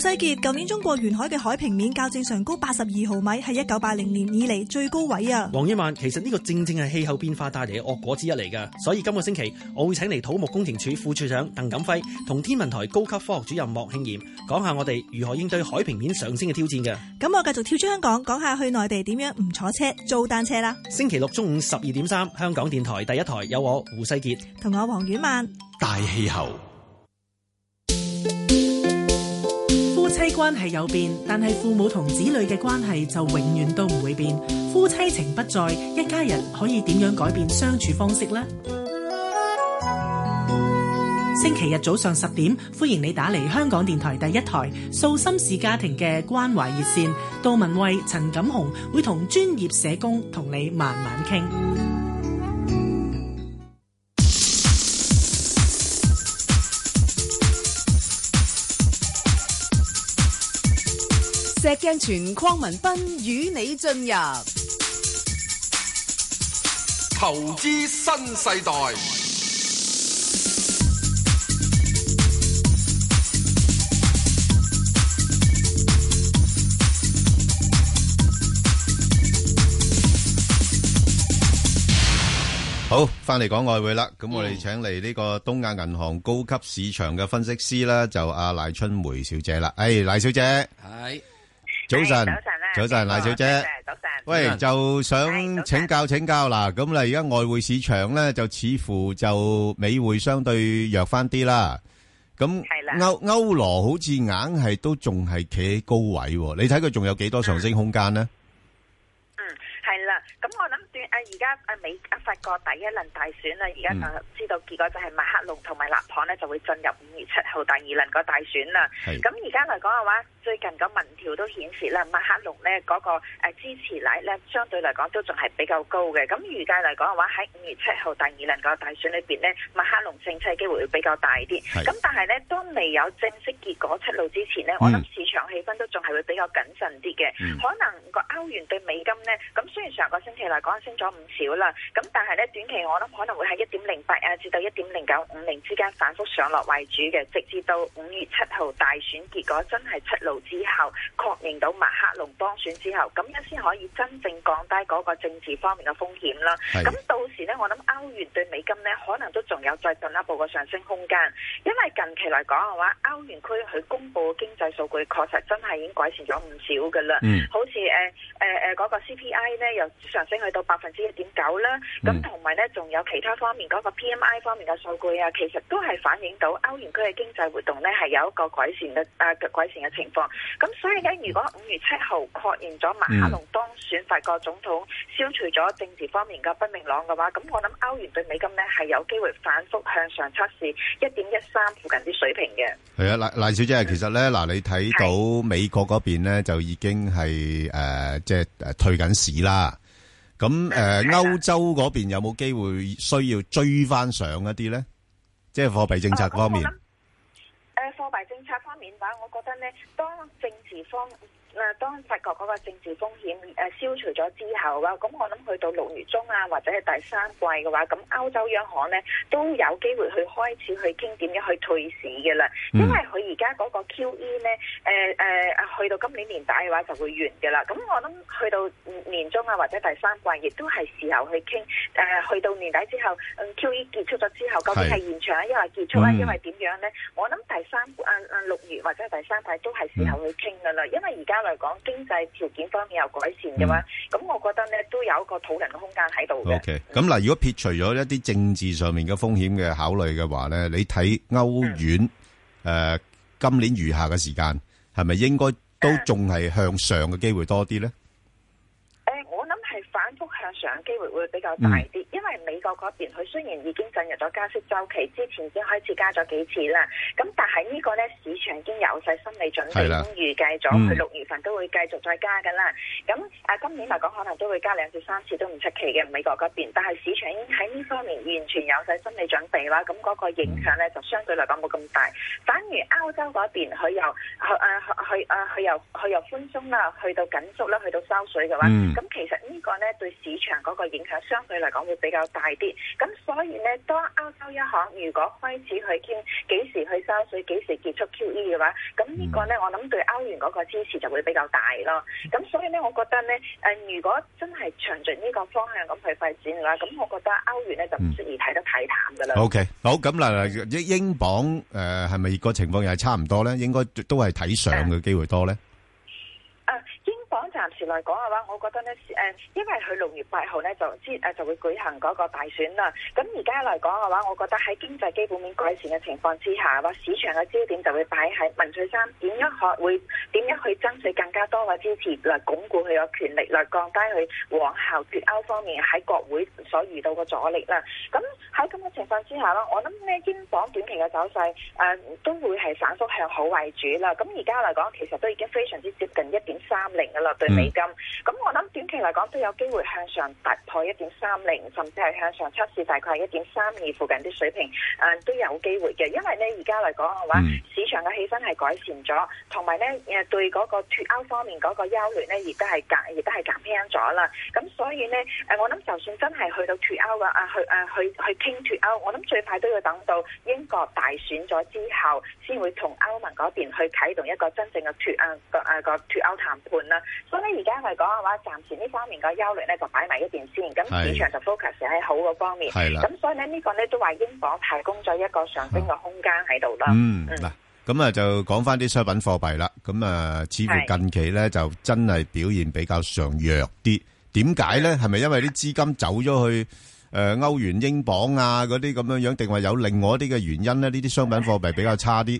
胡世杰，舊年中國沿海嘅海平面較正常高八十二毫米，係一九八零年以嚟最高位啊！黃婉曼，其實呢個正正係氣候變化帶嚟嘅惡果之一嚟㗎，所以今個星期我會請嚟土木工程處副處長鄧錦輝同天文台高級科學主任莫慶賢講下我哋如何應對海平面上升嘅挑戰㗎。咁我繼續跳出香港，講下去內地點樣唔坐車租單車啦。星期六中午十二點三，香港電台第一台有我胡世杰同我黃婉曼，大氣候。夫妻關係有變，但係父母同子女嘅關係就永遠都唔會變。夫妻情不在，一家人可以點樣改變相處方式呢？ [MUSIC] 星期日早上十點，歡迎你打嚟香港電台第一台《素心事家庭嘅關懷熱線》，杜文蔚、陳錦紅會同專業社工同你慢慢傾。石鏡泉鄺民彬與你進入投資新世代。好，翻嚟講外匯啦。咁我哋請嚟呢個東亞銀行高級市場嘅分析師啦，就阿、啊、賴春梅小姐啦。誒，賴小姐，係。Hey. 早晨，早晨，早晨，黎小姐，早晨，喂，就想請教請教啦。咁啦晨，而家外匯市場咧，就似乎就美匯相對弱翻啲啦。咁歐歐羅好似硬係都仲係企喺高位，你睇佢仲有幾多上升空間咧？嗯而家啊美啊法國第一輪大選啦，而家就知道結果就係馬克龍同埋勒龐就會進入五月七號第二輪個大選啦。咁而家嚟講嘅話，最近個民調都顯示啦，馬克龍呢嗰個支持率呢，相對嚟講都仲係比較高嘅。咁預計嚟講嘅話，喺五月七號第二輪個大選裏邊呢，馬克龍勝出嘅機會會比較大啲。咁是但係呢，都未有正式結果出爐之前呢，是我諗市場氣氛都仲係會比較謹慎啲嘅。嗯、可能個歐元對美金呢，咁雖然上個星期嚟講升咗唔少啦，咁但係咧，短期我諗可能會喺一點零八啊至到一點零九五零之間反覆上落為主嘅，直至到五月七號大選結果真係出爐之後，確認到馬克龍當選之後，咁樣先可以真正降低嗰個政治方面嘅風險啦。咁到時呢，我諗歐元對美金呢，可能都仲有再進一步嘅上升空間，因為近期嚟講嘅話，歐元區佢公布嘅經濟數據確實真係已經改善咗唔少噶啦，好似誒誒誒嗰個 CPI 呢，又上升去到百分之。一點九啦，咁同埋咧，仲、嗯、有其他方面嗰、那個 P M I 方面嘅數據啊，其實都係反映到歐元區嘅經濟活動咧，係有一個改善嘅誒，改善嘅情況。咁所以咧，如果五月七號確認咗馬克龍當選法國總統，消除咗政治方面嘅不明朗嘅話，咁我諗歐元對美金呢，係有機會反覆向上測試一點一三附近啲水平嘅。係啊，賴賴小姐，其實咧嗱，嗯、你睇到美國嗰邊呢，就已經係誒，即係誒退緊市啦。咁誒，歐洲嗰邊有冇機會需要追翻上一啲咧？即係貨幣政策方面。誒，貨幣政策方面嘅話，我覺得咧，當政治方面。嗱，當法國嗰個政治風險誒、呃、消除咗之後嘅話，咁我諗去到六月中啊，或者係第三季嘅話，咁歐洲央行咧都有機會去開始去傾點樣去退市嘅啦。因為佢而家嗰個 QE 呢，誒、呃、誒、呃，去到今年年底嘅話就會完嘅啦。咁我諗去到年中啊，或者第三季，亦都係時候去傾。誒、呃，去到年底之後、嗯、，QE 結束咗之後，究竟係延長啊，又係結束啊？是因為點樣呢？我諗、嗯。第三啊啊六月或者第三季都係時候去傾噶啦，因為而家嚟講經濟條件方面有改善嘅話，咁我覺得呢都有一個討論嘅空間喺度嘅。OK，咁嗱，如果撇除咗一啲政治上面嘅風險嘅考慮嘅話呢，你睇歐元誒今年餘下嘅時間係咪應該都仲係向上嘅機會多啲呢？誒，我諗係反覆向上嘅機會會比較大啲。因為美國嗰邊，佢雖然已經進入咗加息周期，之前已經開始加咗幾次啦。咁但係呢個咧，市場已經有晒心理準備，都預計咗佢六月份都會繼續再加噶啦。咁啊，今年嚟講可能都會加兩至三次都唔出奇嘅。美國嗰邊，但係市場已經喺呢方面完全有晒心理準備啦。咁嗰個影響呢就相對嚟講冇咁大。反而歐洲嗰邊，佢又佢啊佢啊佢又佢又寬鬆啦，去、啊去啊、去、去到緊縮啦，嗯、去到收水嘅話，咁其實呢個咧對市場嗰個影響相對嚟講會比較。較大啲咁，所以咧，當歐洲央行如果開始去傾幾時去收水，幾時結束 Q E 嘅話，咁呢個咧，我諗對歐元嗰個支持就會比較大咯。咁所以咧，我覺得咧，誒，如果真係循着呢個方向咁去發展嘅話，咁我覺得歐元咧就唔適宜睇得太淡噶啦。O K，好咁，嗱嗱，英英鎊誒，係咪個情況又係差唔多咧？應該都係睇上嘅機會多咧。前嚟講嘅話，我覺得呢，誒，因為佢六月八號呢，就即誒就會舉行嗰個大選啦。咁而家嚟講嘅話，我覺得喺經濟基本面改善嘅情況之下，話市場嘅焦點就會擺喺文翠珊點樣學會點樣去爭取更加多嘅支持，嚟鞏固佢嘅權力，嚟降低佢往後脫歐方面喺國會所遇到嘅阻力啦。咁喺咁嘅情況之下啦，我諗呢英鎊短期嘅走勢誒都會係反復向好為主啦。咁而家嚟講，其實都已經非常之接近一點三零嘅啦，對美。咁，mm hmm。我諗短期嚟講都有機會向上突破一點三零，30，甚至係向上測試大概係一點三二附近啲水平，啊都有機會嘅。因為呢而家嚟講嘅話，市場嘅氣氛係改善咗，同埋呢誒對嗰個脫歐方面嗰個憂慮呢亦都係減，亦都係減輕咗啦。咁所以呢，誒我諗就算真係去到脫歐嘅啊去啊去去傾脫歐，我諗最快都要等到英國大選咗之後，先會同歐盟嗰邊去啟動一個真正嘅脫啊個啊個脫歐談判啦。所以。而家嚟講嘅話，暫時呢方面個憂慮咧就擺埋一邊先，咁市場就 focus 喺好嗰方面。係啦。咁所以咧，呢個咧都話英鎊提供咗一個上升嘅空間喺度啦。嗯，嗱，咁啊就講翻啲商品貨幣啦。咁啊，似乎近期咧就真係表現比較上弱啲。點解咧？係咪因為啲資金走咗去誒歐元、英鎊啊嗰啲咁樣樣，定話有另外一啲嘅原因咧？呢啲商品貨幣比較差啲。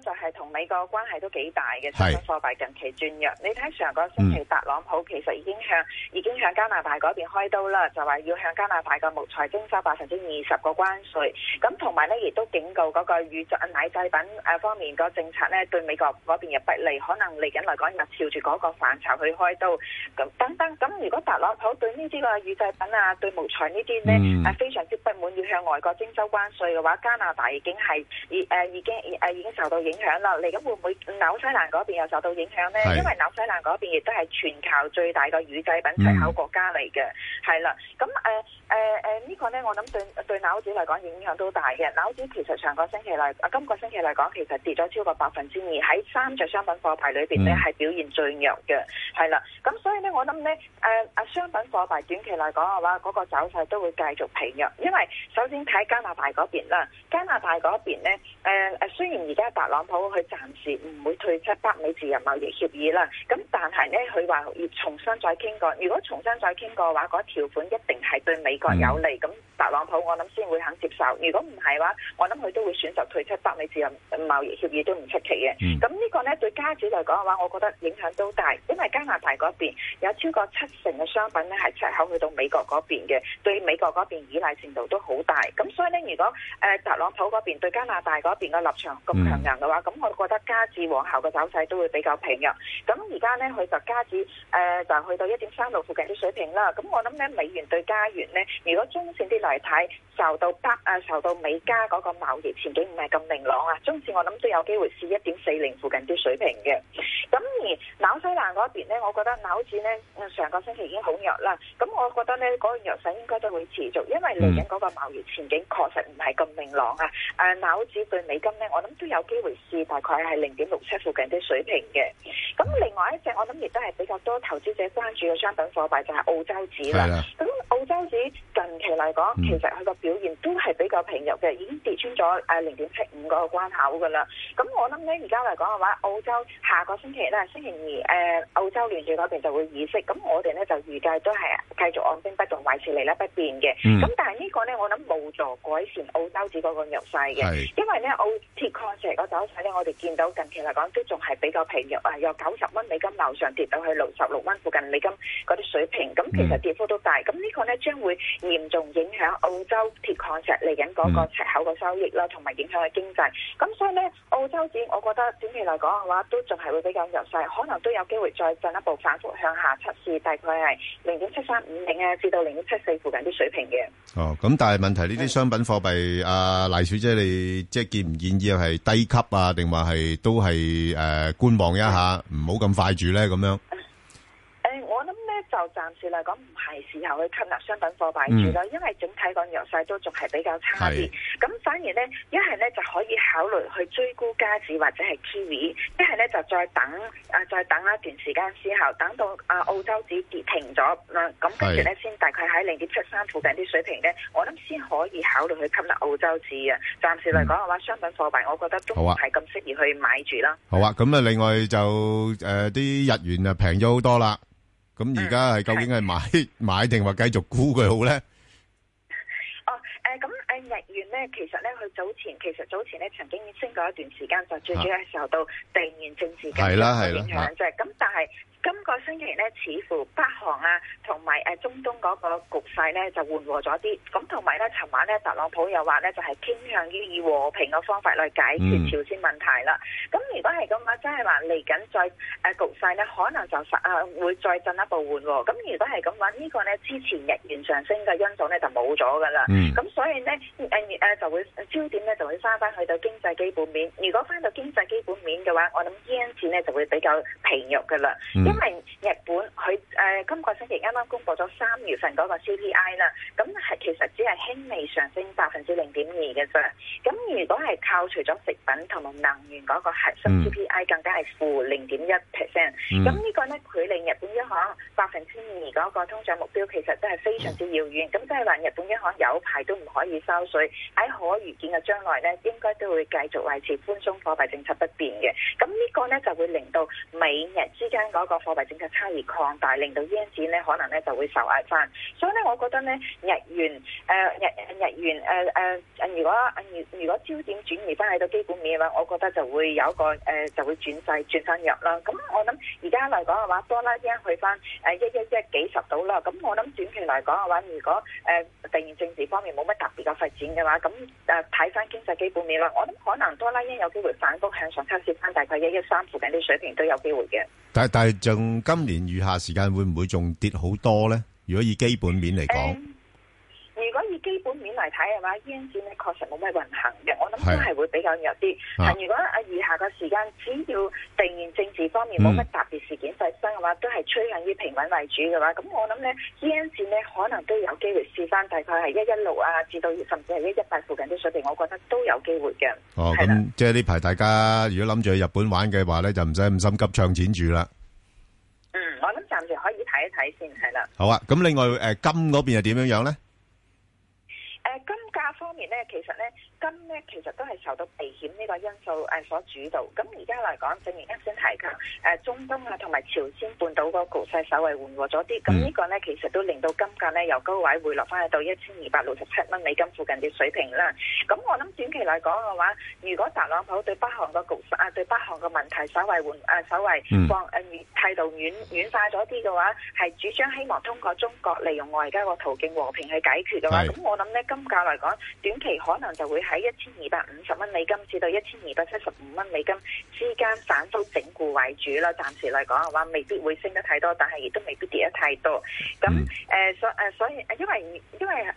就係同美國關係都幾大嘅，貨幣近期轉弱。嗯、你睇上個星期，特朗普其實已經向已經向加拿大嗰邊開刀啦，就話要向加拿大嘅木材徵收百分之二十個關稅。咁同埋呢，亦都警告嗰個乳製奶製品誒方面個政策呢，對美國嗰邊嘅不利，可能嚟緊嚟講又朝住嗰個範疇去開刀。咁等等，咁如果特朗普對呢啲個乳製品啊、對木材呢啲呢，係、嗯、非常之不滿，要向外國徵收關稅嘅話，加拿大已經係誒已經誒已經受到影響啦，嚟緊會唔會紐西蘭嗰邊又受到影響呢？因為紐西蘭嗰邊亦都係全球最大個乳製品出口國家嚟嘅，係啦。咁誒誒誒呢個呢，我諗對對紐紙嚟講影響都大嘅。紐紙其實上個星期嚟，今個星期嚟講，其實跌咗超過百分之二，喺三隻商品貨幣裏邊呢，係表現最弱嘅，係啦。咁所以呢，我諗呢，誒啊，商品貨幣短期嚟講嘅話，嗰個走勢都會繼續疲弱。因為首先睇加拿大嗰邊啦，加拿大嗰邊咧誒誒，雖然而家白特朗普佢暫時唔會退出北美自由貿易協議啦，咁但係呢，佢話要重新再傾過。如果重新再傾過嘅話，嗰條款一定係對美國有利，咁、嗯、特朗普我諗先會肯接受。如果唔係嘅話，我諗佢都會選擇退出北美自由貿易協議都唔出奇嘅。咁呢、嗯、個呢，對家主嚟講嘅話，我覺得影響都大，因為加拿大嗰邊有超過七成嘅商品呢係出口去到美國嗰邊嘅，對美國嗰邊依賴程度都好大。咁所以呢，如果誒特朗普嗰邊對加拿大嗰邊嘅立場咁強硬，嗯嘅話，咁我覺得加至往後嘅走勢都會比較平弱。咁而家呢，佢就加至誒就去到一點三六附近啲水平啦。咁我諗呢，美元對加元呢，如果中線啲嚟睇，受到北啊受到美加嗰個貿易前景唔係咁明朗啊，中線我諗都有機會試一點四零附近啲水平嘅。咁而紐西蘭嗰邊呢，我覺得紐字呢，上個星期已經好弱啦。咁我覺得呢，嗰個弱勢應該都會持續，因為嚟緊嗰個貿易前景確實唔係咁明朗啊。誒，紐字對美金呢，我諗都有機會。大概係零點六七附近啲水平嘅。咁另外一隻我諗亦都係比較多投資者關注嘅商品貨幣就係、是、澳洲紙啦。咁的澳洲紙近期嚟講，其實佢個表現都係比較平弱嘅，已經跌穿咗誒零點七五嗰個關口噶啦。咁我諗咧，而家嚟講嘅話，澳洲下個星期咧，星期二誒澳洲聯儲嗰邊就會議息，咁我哋咧就預計都係繼續按兵不動，維持利率不變嘅。咁、嗯、但係呢個咧，我諗冇助改善澳洲紙嗰個弱勢嘅，的因為咧澳鐵礦石嗰陣咧，我哋見到近期嚟講都仲係比較疲弱啊，由九十蚊美金樓上跌到去六十六蚊附近美金嗰啲水平，咁、嗯、其實跌幅都大。咁呢個呢，將會嚴重影響澳洲鐵礦石嚟緊嗰個出口個收益啦，同埋、嗯、影響佢經濟。咁所以呢，澳洲紙我覺得短期嚟講嘅話，都仲係會比較弱勢，可能都有機會再進一步反覆向下測試，大概係零點七三五零啊，至到零點七四附近啲水平嘅。哦，咁但係問題呢啲商品貨幣，阿黎、嗯啊、小姐你即係建唔建議係低級？啊？定話係都係誒、呃，觀望一下，唔好咁快住咧咁樣。就暫時嚟講唔係時候去吸納商品貨幣住啦，因為整體個弱勢都仲係比較差啲。咁是反而咧，一係咧就可以考慮去追沽加紙或者係 Kiwi，一係咧就再等啊，再等一段時間之後，等到啊澳洲紙跌停咗咁，跟住咧先大概喺零點七三附近啲水平咧，我諗先可以考慮去吸納澳洲紙啊。暫時嚟講嘅話，嗯、商品貨幣我覺得都唔係咁適宜去買住啦、啊。好啊，咁啊另外就誒啲、呃、日元就平咗好多啦。咁而家係究竟係買的買定話繼續沽佢好咧？哦，誒、呃、咁、呃、誒日元咧，其實咧，佢早前其實早前咧，曾經，已經升過一段時間，啊、就最主要係受到地緣政治嘅影響啫。咁、啊、但係。今個星期咧，似乎北韓啊，同埋誒中東嗰個局勢咧就緩和咗啲。咁同埋咧，尋晚咧，特朗普又話咧，就係、是、傾向於以和平嘅方法去解決朝鮮問題啦。咁、嗯、如果係咁話，即係話嚟緊再誒局勢咧，可能就實啊會再進一步緩和。咁如果係咁話，這個、呢個咧之前日元上升嘅因素咧就冇咗噶啦。咁、嗯、所以咧誒誒就會焦點咧就會翻返去到經濟基本面。如果翻到經濟基本面嘅話，我諗日元錢咧就會比較疲弱噶啦。嗯因為日本佢誒、呃、今個星期啱啱公佈咗三月份嗰個 CPI 啦，咁係其實只係輕微上升百分之零點二嘅啫。咁如果係扣除咗食品同埋能源嗰個核心 CPI，更加係負零點一 percent。咁呢個呢，距離日本央行百分之二嗰個通脹目標其實都係非常之遙遠。咁即係話日本央行有排都唔可以收水，喺可預見嘅將來呢，應該都會繼續維持寬鬆貨幣政策不變嘅。咁呢個呢，就會令到美日之間嗰、那個。貨幣政策差異擴大，令到 E.S.I. 咧可能咧就會受壓翻，所以咧我覺得咧日元誒、呃、日日元誒誒如果、呃、如果焦點轉移翻去到基本面嘅話，我覺得就會有一個、呃、就會轉勢轉翻入啦。咁我諗而家嚟講嘅話，多拉耶去翻誒一一一幾十度啦。咁我諗短期嚟講嘅話，如果誒突然政治方面冇乜特別嘅發展嘅話，咁誒睇翻經濟基本面啦，我諗可能多拉耶有機會反覆向上測試翻大概一一三附近啲水平都有機會嘅。但係但係，仲今年餘下時間會唔會仲跌好多咧？如果以基本面嚟講，嗯，如果以基本嚟睇嘅話，E N 線咧，確實冇乜運行嘅，我諗都係會比較弱啲。但係如果啊餘下嘅時間，只要地緣政治方面冇乜特別事件發生嘅話，都係趨向於平穩為主嘅話，咁我諗咧 E N 線咧可能都有機會試翻，大概係一一六啊，至到甚至係一一八附近啲水平，我覺得都有機會嘅。哦，咁即係呢排大家如果諗住去日本玩嘅話咧，就唔使咁心急唱錢住啦。嗯，我諗暫時可以睇一睇先，係啦。好啊，咁另外誒金嗰邊係點樣樣咧？金呢，其實都係受到避險呢個因素誒所主導。咁而家嚟講，正如啱先提及誒，中東啊同埋朝鮮半島個局勢稍為緩和咗啲。咁呢個呢，其實都令到金價呢由高位回落翻去到一千二百六十七蚊美金附近嘅水平啦。咁我諗短期嚟講嘅話，如果特朗普對北韓個局勢啊對北韓個問題稍為緩誒稍為放誒態度軟軟化咗啲嘅話，係主張希望通過中國利用外交個途徑和平去解決嘅話，咁我諗呢，金價嚟講短期可能就會係，喺一千二百五十蚊美金至到一千二百七十五蚊美金之間，反覆整固為主啦，暫時嚟講，嘅話未必會升得太多，但係亦都未必跌得太多。咁誒，所誒，所以，誒，因為因為誒，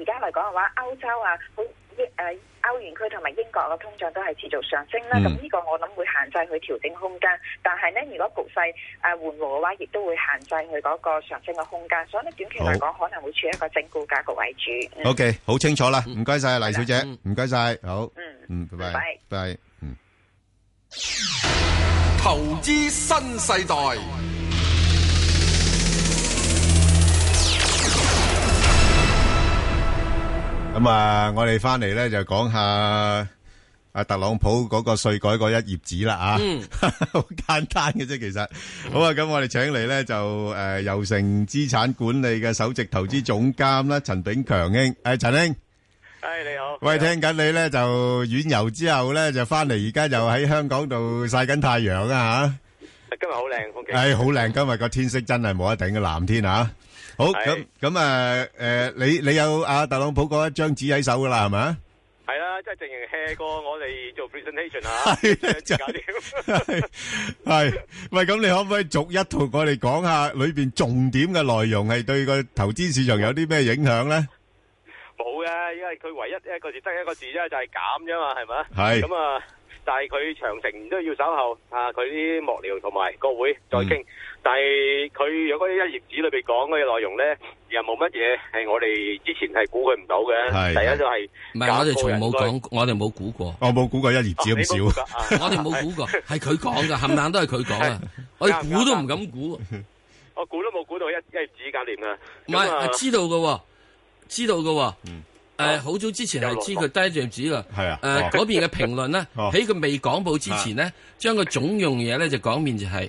而家嚟講，嘅話歐洲啊，好。英誒，歐元區同埋英國嘅通脹都係持續上升啦，咁呢個我諗會限制佢調整空間，但係咧如果局勢誒緩和嘅話，亦都會限制佢嗰個上升嘅空間，所以呢短期嚟講可能會處一個整固格局為主。OK，好清楚啦，唔該晒黎小姐，唔該晒，好，嗯，嗯，拜拜，拜，嗯，投資新世代。咁啊，我哋翻嚟咧就講下阿特朗普嗰個稅改嗰一頁紙啦啊，嗯，好簡單嘅啫，其實，好啊，咁我哋請嚟咧就誒，油城資產管理嘅首席投資總監啦，陳炳強兄，誒，陳兄，誒，你好，喂，聽緊你咧就遠遊之後咧就翻嚟，而家又喺香港度曬緊太陽啊吓，今日好靚，空氣，誒，好靚，今日個天色真係冇得頂嘅藍天啊。好咁，咁啊誒，你你有阿特朗普嗰一張紙喺手噶啦，係咪啊？係啦，即係淨係 hea 過我哋做 presentation 啊，就係喂，咁你可唔可以逐一同我哋講下裏邊重點嘅內容，係對個投資市場有啲咩影響咧？冇嘅，因為佢唯一一個字得一個字啫，就係減啫嘛，係咪啊？係咁啊，但係佢長城都要守候啊，佢啲幕僚同埋個會再傾。但係佢有嗰啲一頁紙裏邊講嘅啲內容咧，又冇乜嘢係我哋之前係估佢唔到嘅。第一就係，唔係，我哋從冇講，我哋冇估過，我冇估過一頁紙咁少，我哋冇估過，係佢講嘅，冚唪唥都係佢講啊，我哋估都唔敢估，我估都冇估到一一頁紙概念啊。唔係，知道嘅，知道嘅，誒，好早之前係知佢低住紙噶，係啊，誒，嗰邊嘅評論咧，喺佢未講報之前咧，將個總用嘢咧就講面就係。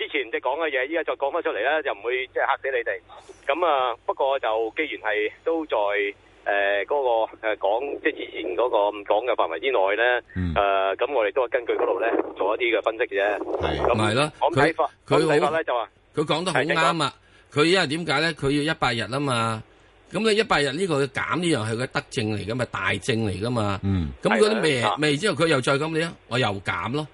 之前你講嘅嘢，依家再講翻出嚟咧，就唔會即係嚇死你哋。咁啊，不過就既然係都在誒嗰個誒講，即係之前嗰個唔講嘅範圍之內咧。誒，咁我哋都係根據嗰度咧做一啲嘅分析嘅啫。係咪咧？我睇法，佢睇法咧就話，佢講得好啱啊。佢因為點解咧？佢要一百日啊嘛。咁你一百日呢個減呢樣係佢德政嚟噶嘛，大政嚟噶嘛。咁嗰啲咩咩之後，佢又再咁樣，我又減咯。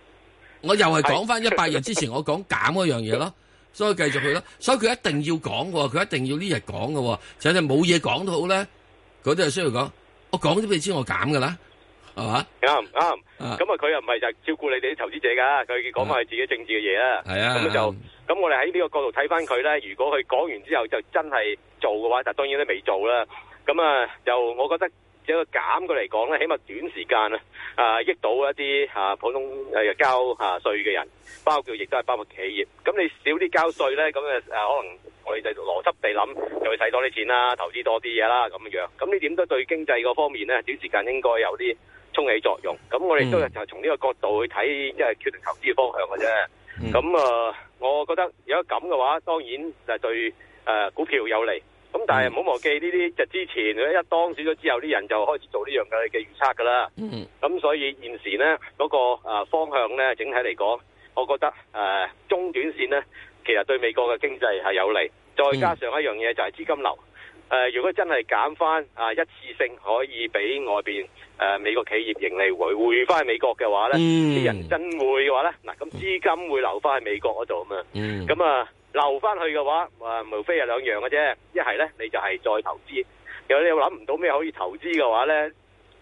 我又係講翻一百日之前我講減嗰樣嘢咯，所以繼續去咯，所以佢一定要講喎，佢一定要呢日講嘅喎，就係冇嘢講都好咧，嗰啲係需要講，我講咗畀你知我減嘅啦，係嘛？啱啱、嗯，咁啊佢又唔係就照顧你哋啲投資者噶，佢講埋自己政治嘅嘢啦。係、嗯、就啊，咁就咁、um, 我哋喺呢個角度睇翻佢咧，如果佢講完之後就真係做嘅話，就當然都未做啦。咁啊，就我覺得。一個減嘅嚟講咧，起碼短時間啊、啊益到一啲吓、啊、普通誒、啊、交吓稅嘅人，包括亦都係包括企業。咁你少啲交稅咧，咁啊誒可能我哋就邏輯地諗，就會使多啲錢啦，投資多啲嘢啦，咁樣咁你點都對經濟個方面咧，短時間應該有啲沖起作用。咁我哋都係就從呢個角度去睇，即係決定投資嘅方向嘅啫。咁啊、嗯嗯呃，我覺得如果咁嘅話，當然就對誒、呃、股票有利。咁、嗯、但係唔好忘記呢啲，就之前一當選咗之後，啲人就開始做呢樣嘅嘅預測㗎喇。咁、嗯、所以現時呢嗰、那個啊、呃、方向呢，整體嚟講，我覺得誒、呃、中短線呢，其實對美國嘅經濟係有利。再加上一樣嘢就係資金流。誒、呃，如果真係減翻啊，一次性可以俾外邊誒、呃、美國企業盈利回回翻去美國嘅話呢，啲、嗯、人真會嘅話咧，嗱，咁資金會流翻去美國嗰度啊嘛。咁啊。留翻去嘅話，啊，無非係兩樣嘅啫。一係咧，你就係再投資；如果你又諗唔到咩可以投資嘅話咧，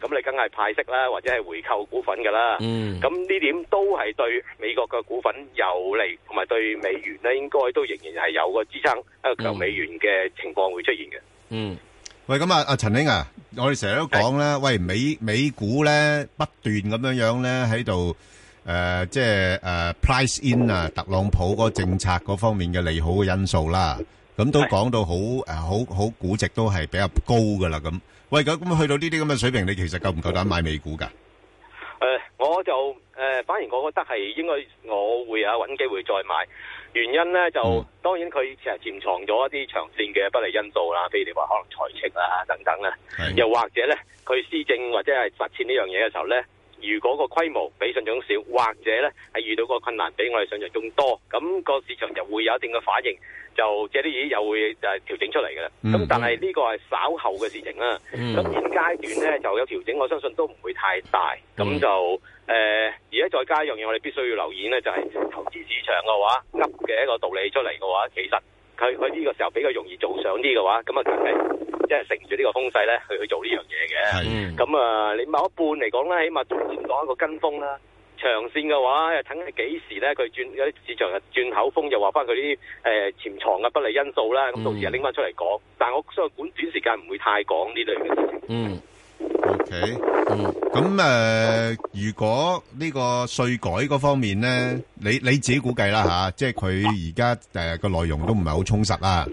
咁你梗係派息啦，或者係回購股份噶啦。嗯，咁呢點都係對美國嘅股份有利，同埋對美元咧，應該都仍然係有個支撐一個強美元嘅情況會出現嘅。嗯。嗯，喂，咁啊，阿陳兄啊，我哋成日都講咧，的喂，美美股咧不斷咁樣樣咧喺度。誒、呃，即係誒、呃、price in 啊，特朗普嗰個政策嗰方面嘅利好嘅因素啦，咁都講到好誒，好、呃、好估值都係比較高噶啦，咁喂咁咁去到呢啲咁嘅水平，你其實夠唔夠膽買美股噶？誒、呃，我就誒、呃，反而我覺得係應該我會啊，搵機會再買。原因咧，就、哦、當然佢其實潛藏咗一啲長線嘅不利因素啦，譬如你話可能財赤啦等等啦，的又或者咧，佢施政或者係實踐呢樣嘢嘅時候咧。如果個規模比上場少，或者咧係遇到個困難，比我哋上場仲多，咁、嗰個市場就會有一定嘅反應，就這啲嘢又會就係、係、調整出嚟嘅啦。咁但係呢個係稍後嘅事情啦。咁現階段咧就有調整，我相信都唔會太大。咁就誒，而、呃、家再加一樣嘢，我哋必須要留意咧，就係、係、投資市場嘅話噏嘅一個道理出嚟嘅話，其實。佢佢呢個時候比較容易做上啲嘅話，咁啊即係乘住呢個風勢咧去去做呢樣嘢嘅。咁啊，你某一半嚟講咧，起碼做唔到一個跟風啦。長線嘅話，又睇佢幾時咧，佢轉有啲市場啊轉口風，又話翻佢啲誒潛藏嘅不利因素啦。咁到時又拎翻出嚟講。但係我所以管短時間唔會太講呢類嘅事情。嗯。O K，嗯，咁誒，如果呢個稅改嗰方面呢，你你自己估計啦吓，即係佢而家誒個內容都唔係好充實啊。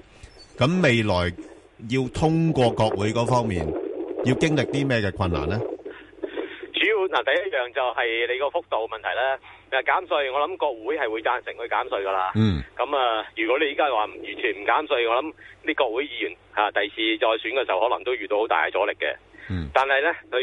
咁未來要通過國會嗰方面，要經歷啲咩嘅困難呢？主要嗱，第一樣就係你個幅度問題啦。減稅，我諗國會係會贊成佢減稅噶啦。嗯。咁啊，如果你而家話完全唔減稅，我諗啲國會議員吓，第二次再選嘅時候，可能都遇到好大阻力嘅。但係咧，佢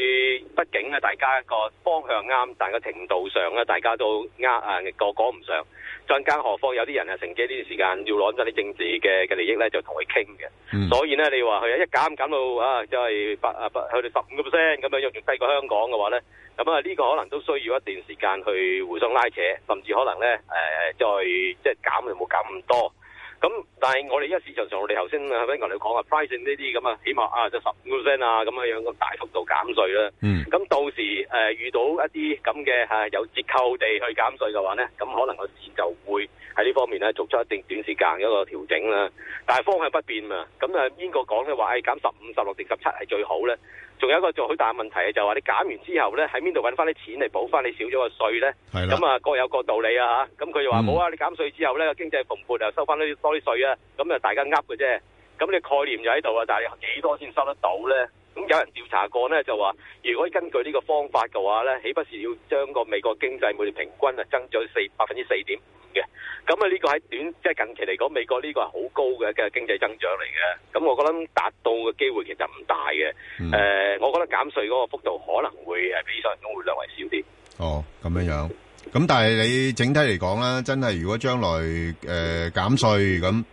畢竟咧，大家個方向啱，但個程度上咧，大家都呃，啊，個講唔上，再加何況有啲人啊，乘機呢段時間要攞真啲政治嘅嘅利益咧，就同佢傾嘅， 所以咧，你話佢一減減到啊、就係，即係八啊八，佢哋十五個 percent 咁樣，仲低過香港嘅話咧，咁啊呢個可能都需要一段時間去互相拉扯，甚至可能咧誒、呃，再即係減又冇減咁多。咁，嗯、但係我哋依個市場上，我哋頭先阿 Ben 同你講啊，pricing 呢啲咁啊，起碼啊，就十五 percent 啊，咁啊樣個大幅度減稅啦。咁、嗯、到時誒、呃、遇到一啲咁嘅係有折扣地去減稅嘅話咧，咁可能個市就會喺呢方面咧做出一定短時間一個調整啦。但係方向不變啊，咁啊邊個講咧話誒減十五、十六定十七係最好咧？仲有一個做好大問題啊，就係話你減完之後咧，喺邊度揾翻啲錢嚟補翻你少咗個稅咧？咁啊是的 各有各道理啊嚇。咁佢就話冇、嗯、啊，你減稅之後咧，經濟蓬勃又收翻多啲多啲稅啊。咁啊大家噏嘅啫。咁你概念就喺度啊，但係幾多先收得到咧？咁有人調查過咧，就話如果根據呢個方法嘅話咧，豈不是要將個美國經濟每年平均啊增長四百分之四點五嘅？咁啊呢個喺短即係近期嚟講，美國呢個係好高嘅嘅經濟增長嚟嘅。咁我覺得達到嘅機會其實唔大嘅。誒、嗯呃，我覺得減稅嗰個幅度可能會係比上有人都會略為少啲。哦，咁樣樣。咁但係你整體嚟講咧，真係如果將來誒、呃、減稅咁。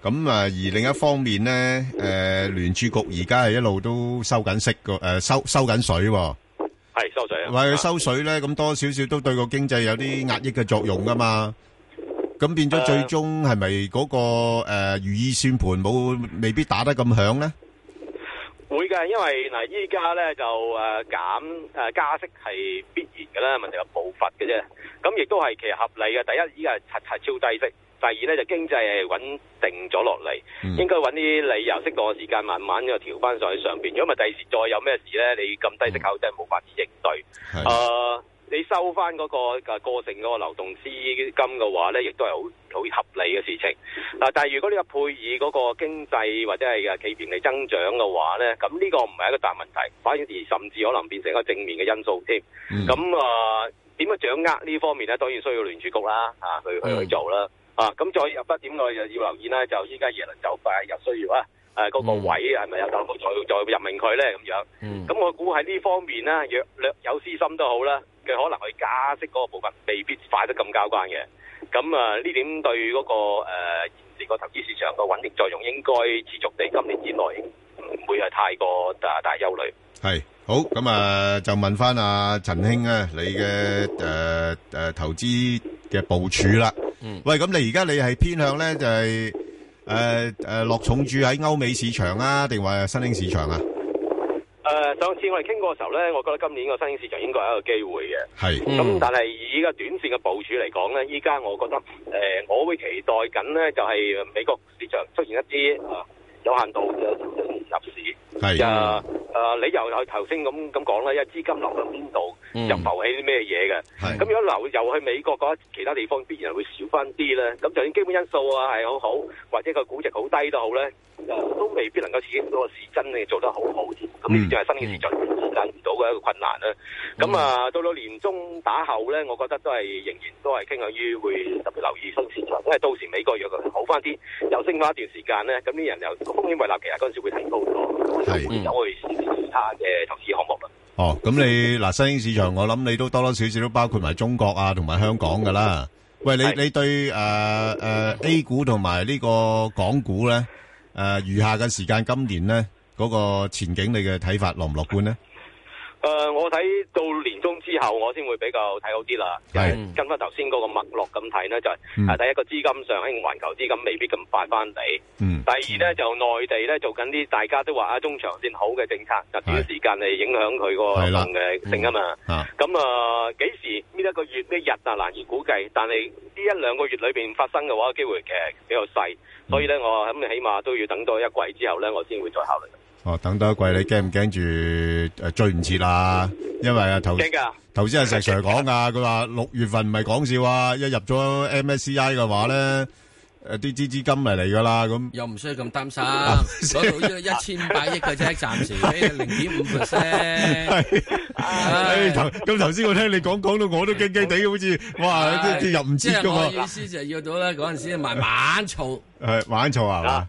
咁啊，而另一方面咧，誒、呃，聯儲局而家係一路都收緊息個，誒、呃，收收緊水、哦，係收水啊！話佢收水咧，咁多少少都對個經濟有啲壓抑嘅作用噶嘛。咁變咗最終係咪嗰個誒、呃、如意算盤冇未必打得咁響咧？會噶，因為嗱，依家咧就、誒減、誒加息係必然噶啦，問題係步伐嘅啫。咁亦都係其實合理嘅。第一，依家係係超低息；第二咧就經濟係穩定咗落嚟，應該揾啲理由，適當嘅時間慢慢又調翻上去上邊。如果唔係第時再有咩事咧，你咁低息口真係冇法子應對。係的。呃你收翻嗰個過剩嗰個流動資金嘅話咧，亦都係好好合理嘅事情。嗱、啊，但係如果你又配以嗰個經濟或者係嘅企業盈利增長嘅話咧，咁呢個唔係一個大問題，反而甚至可能變成一個正面嘅因素添。咁啊、嗯，點、呃、樣掌握呢方面咧？當然需要聯儲局啦，啊，去去去做啦。嗯、啊，咁再入筆點我又要留意咧，就依家耶倫走快又需要啊。誒，嗰個位係咪又就再再任命佢咧？咁樣，咁我估喺呢方面咧，若若有私心都好啦，佢可能去加息嗰個部分未必快得咁交關嘅。咁啊，呢點對嗰個誒，現時個投資市場個穩定作用，應該持續地今年之內唔會係太過大大憂慮。係好，咁啊，就問翻阿陳兄啊，你嘅誒誒投資嘅部署啦。嗯。喂，咁你而家你係偏向咧，就係。誒誒，落、uh, 重注喺歐美市場啊，定話新興市場啊？誒，uh, 上次我哋傾過嘅時候咧，我覺得今年個新興市場應該有一個機會嘅。係是。咁但係以依家短線嘅部署嚟講咧，依家我覺得誒、呃，我會期待緊咧，就係美國市場出現一啲。有限度就有入市，就啊、呃、理由又頭先咁咁講咧，因為資金流到邊度就浮起啲咩嘢嘅，咁的如果流游去美國嗰其他地方，必然會少翻啲咧。咁就算基本因素啊係好好，或者個估值好低都好咧，都未必能夠刺激到個市真係做得好好啲。咁呢啲就係新嘅市場吸引唔到嘅一個困難啦。咁啊、嗯、到到年中打後咧，我覺得都係仍然都係傾向於會特別留意新市場，因為到時美國若好翻啲，又升翻一段時間咧，咁啲人又。風險維納其實嗰陣時會提高咗，咁所以走去其他嘅投資項目啦。哦，咁你嗱新興市場，我諗你都多多少少都包括埋中國啊，同埋香港噶啦。喂，你你對誒誒 A 股同埋呢個港股咧，誒餘下嘅時間今年咧，嗰個前景你嘅睇法樂唔樂觀咧？誒，我睇到年中之後，我先會比較睇好啲啦。係跟翻頭先嗰個脈絡咁睇呢，就係第一個資金上，喺環球資金未必咁快翻嚟。嗯，第二呢，就內地呢，做緊啲，大家都話啊，中長線好嘅政策，就短時間嚟影響佢嗰個流動性啊嘛。咁啊，幾時呢一個月呢日啊，難以估計。但係呢一兩個月裏邊發生嘅話，機會其實比較細。所以呢，我諗你起碼都要等到一季之後呢，我先會再考慮。哦，等多一季，你驚唔驚住追唔切啊？因為啊，頭頭先阿石 Sir 講噶，佢話六月份唔係講笑啊，一入咗 MSCI 嘅話咧，誒啲資資金咪嚟噶啦，咁又唔需要咁擔心，所以好似一千五百億嘅啫，暫時零點五 percent。誒，咁頭先我聽你講講到我都驚驚地，好似哇，入唔切噶嘛。意思就要到咧嗰陣時慢慢做，誒，玩做係嘛？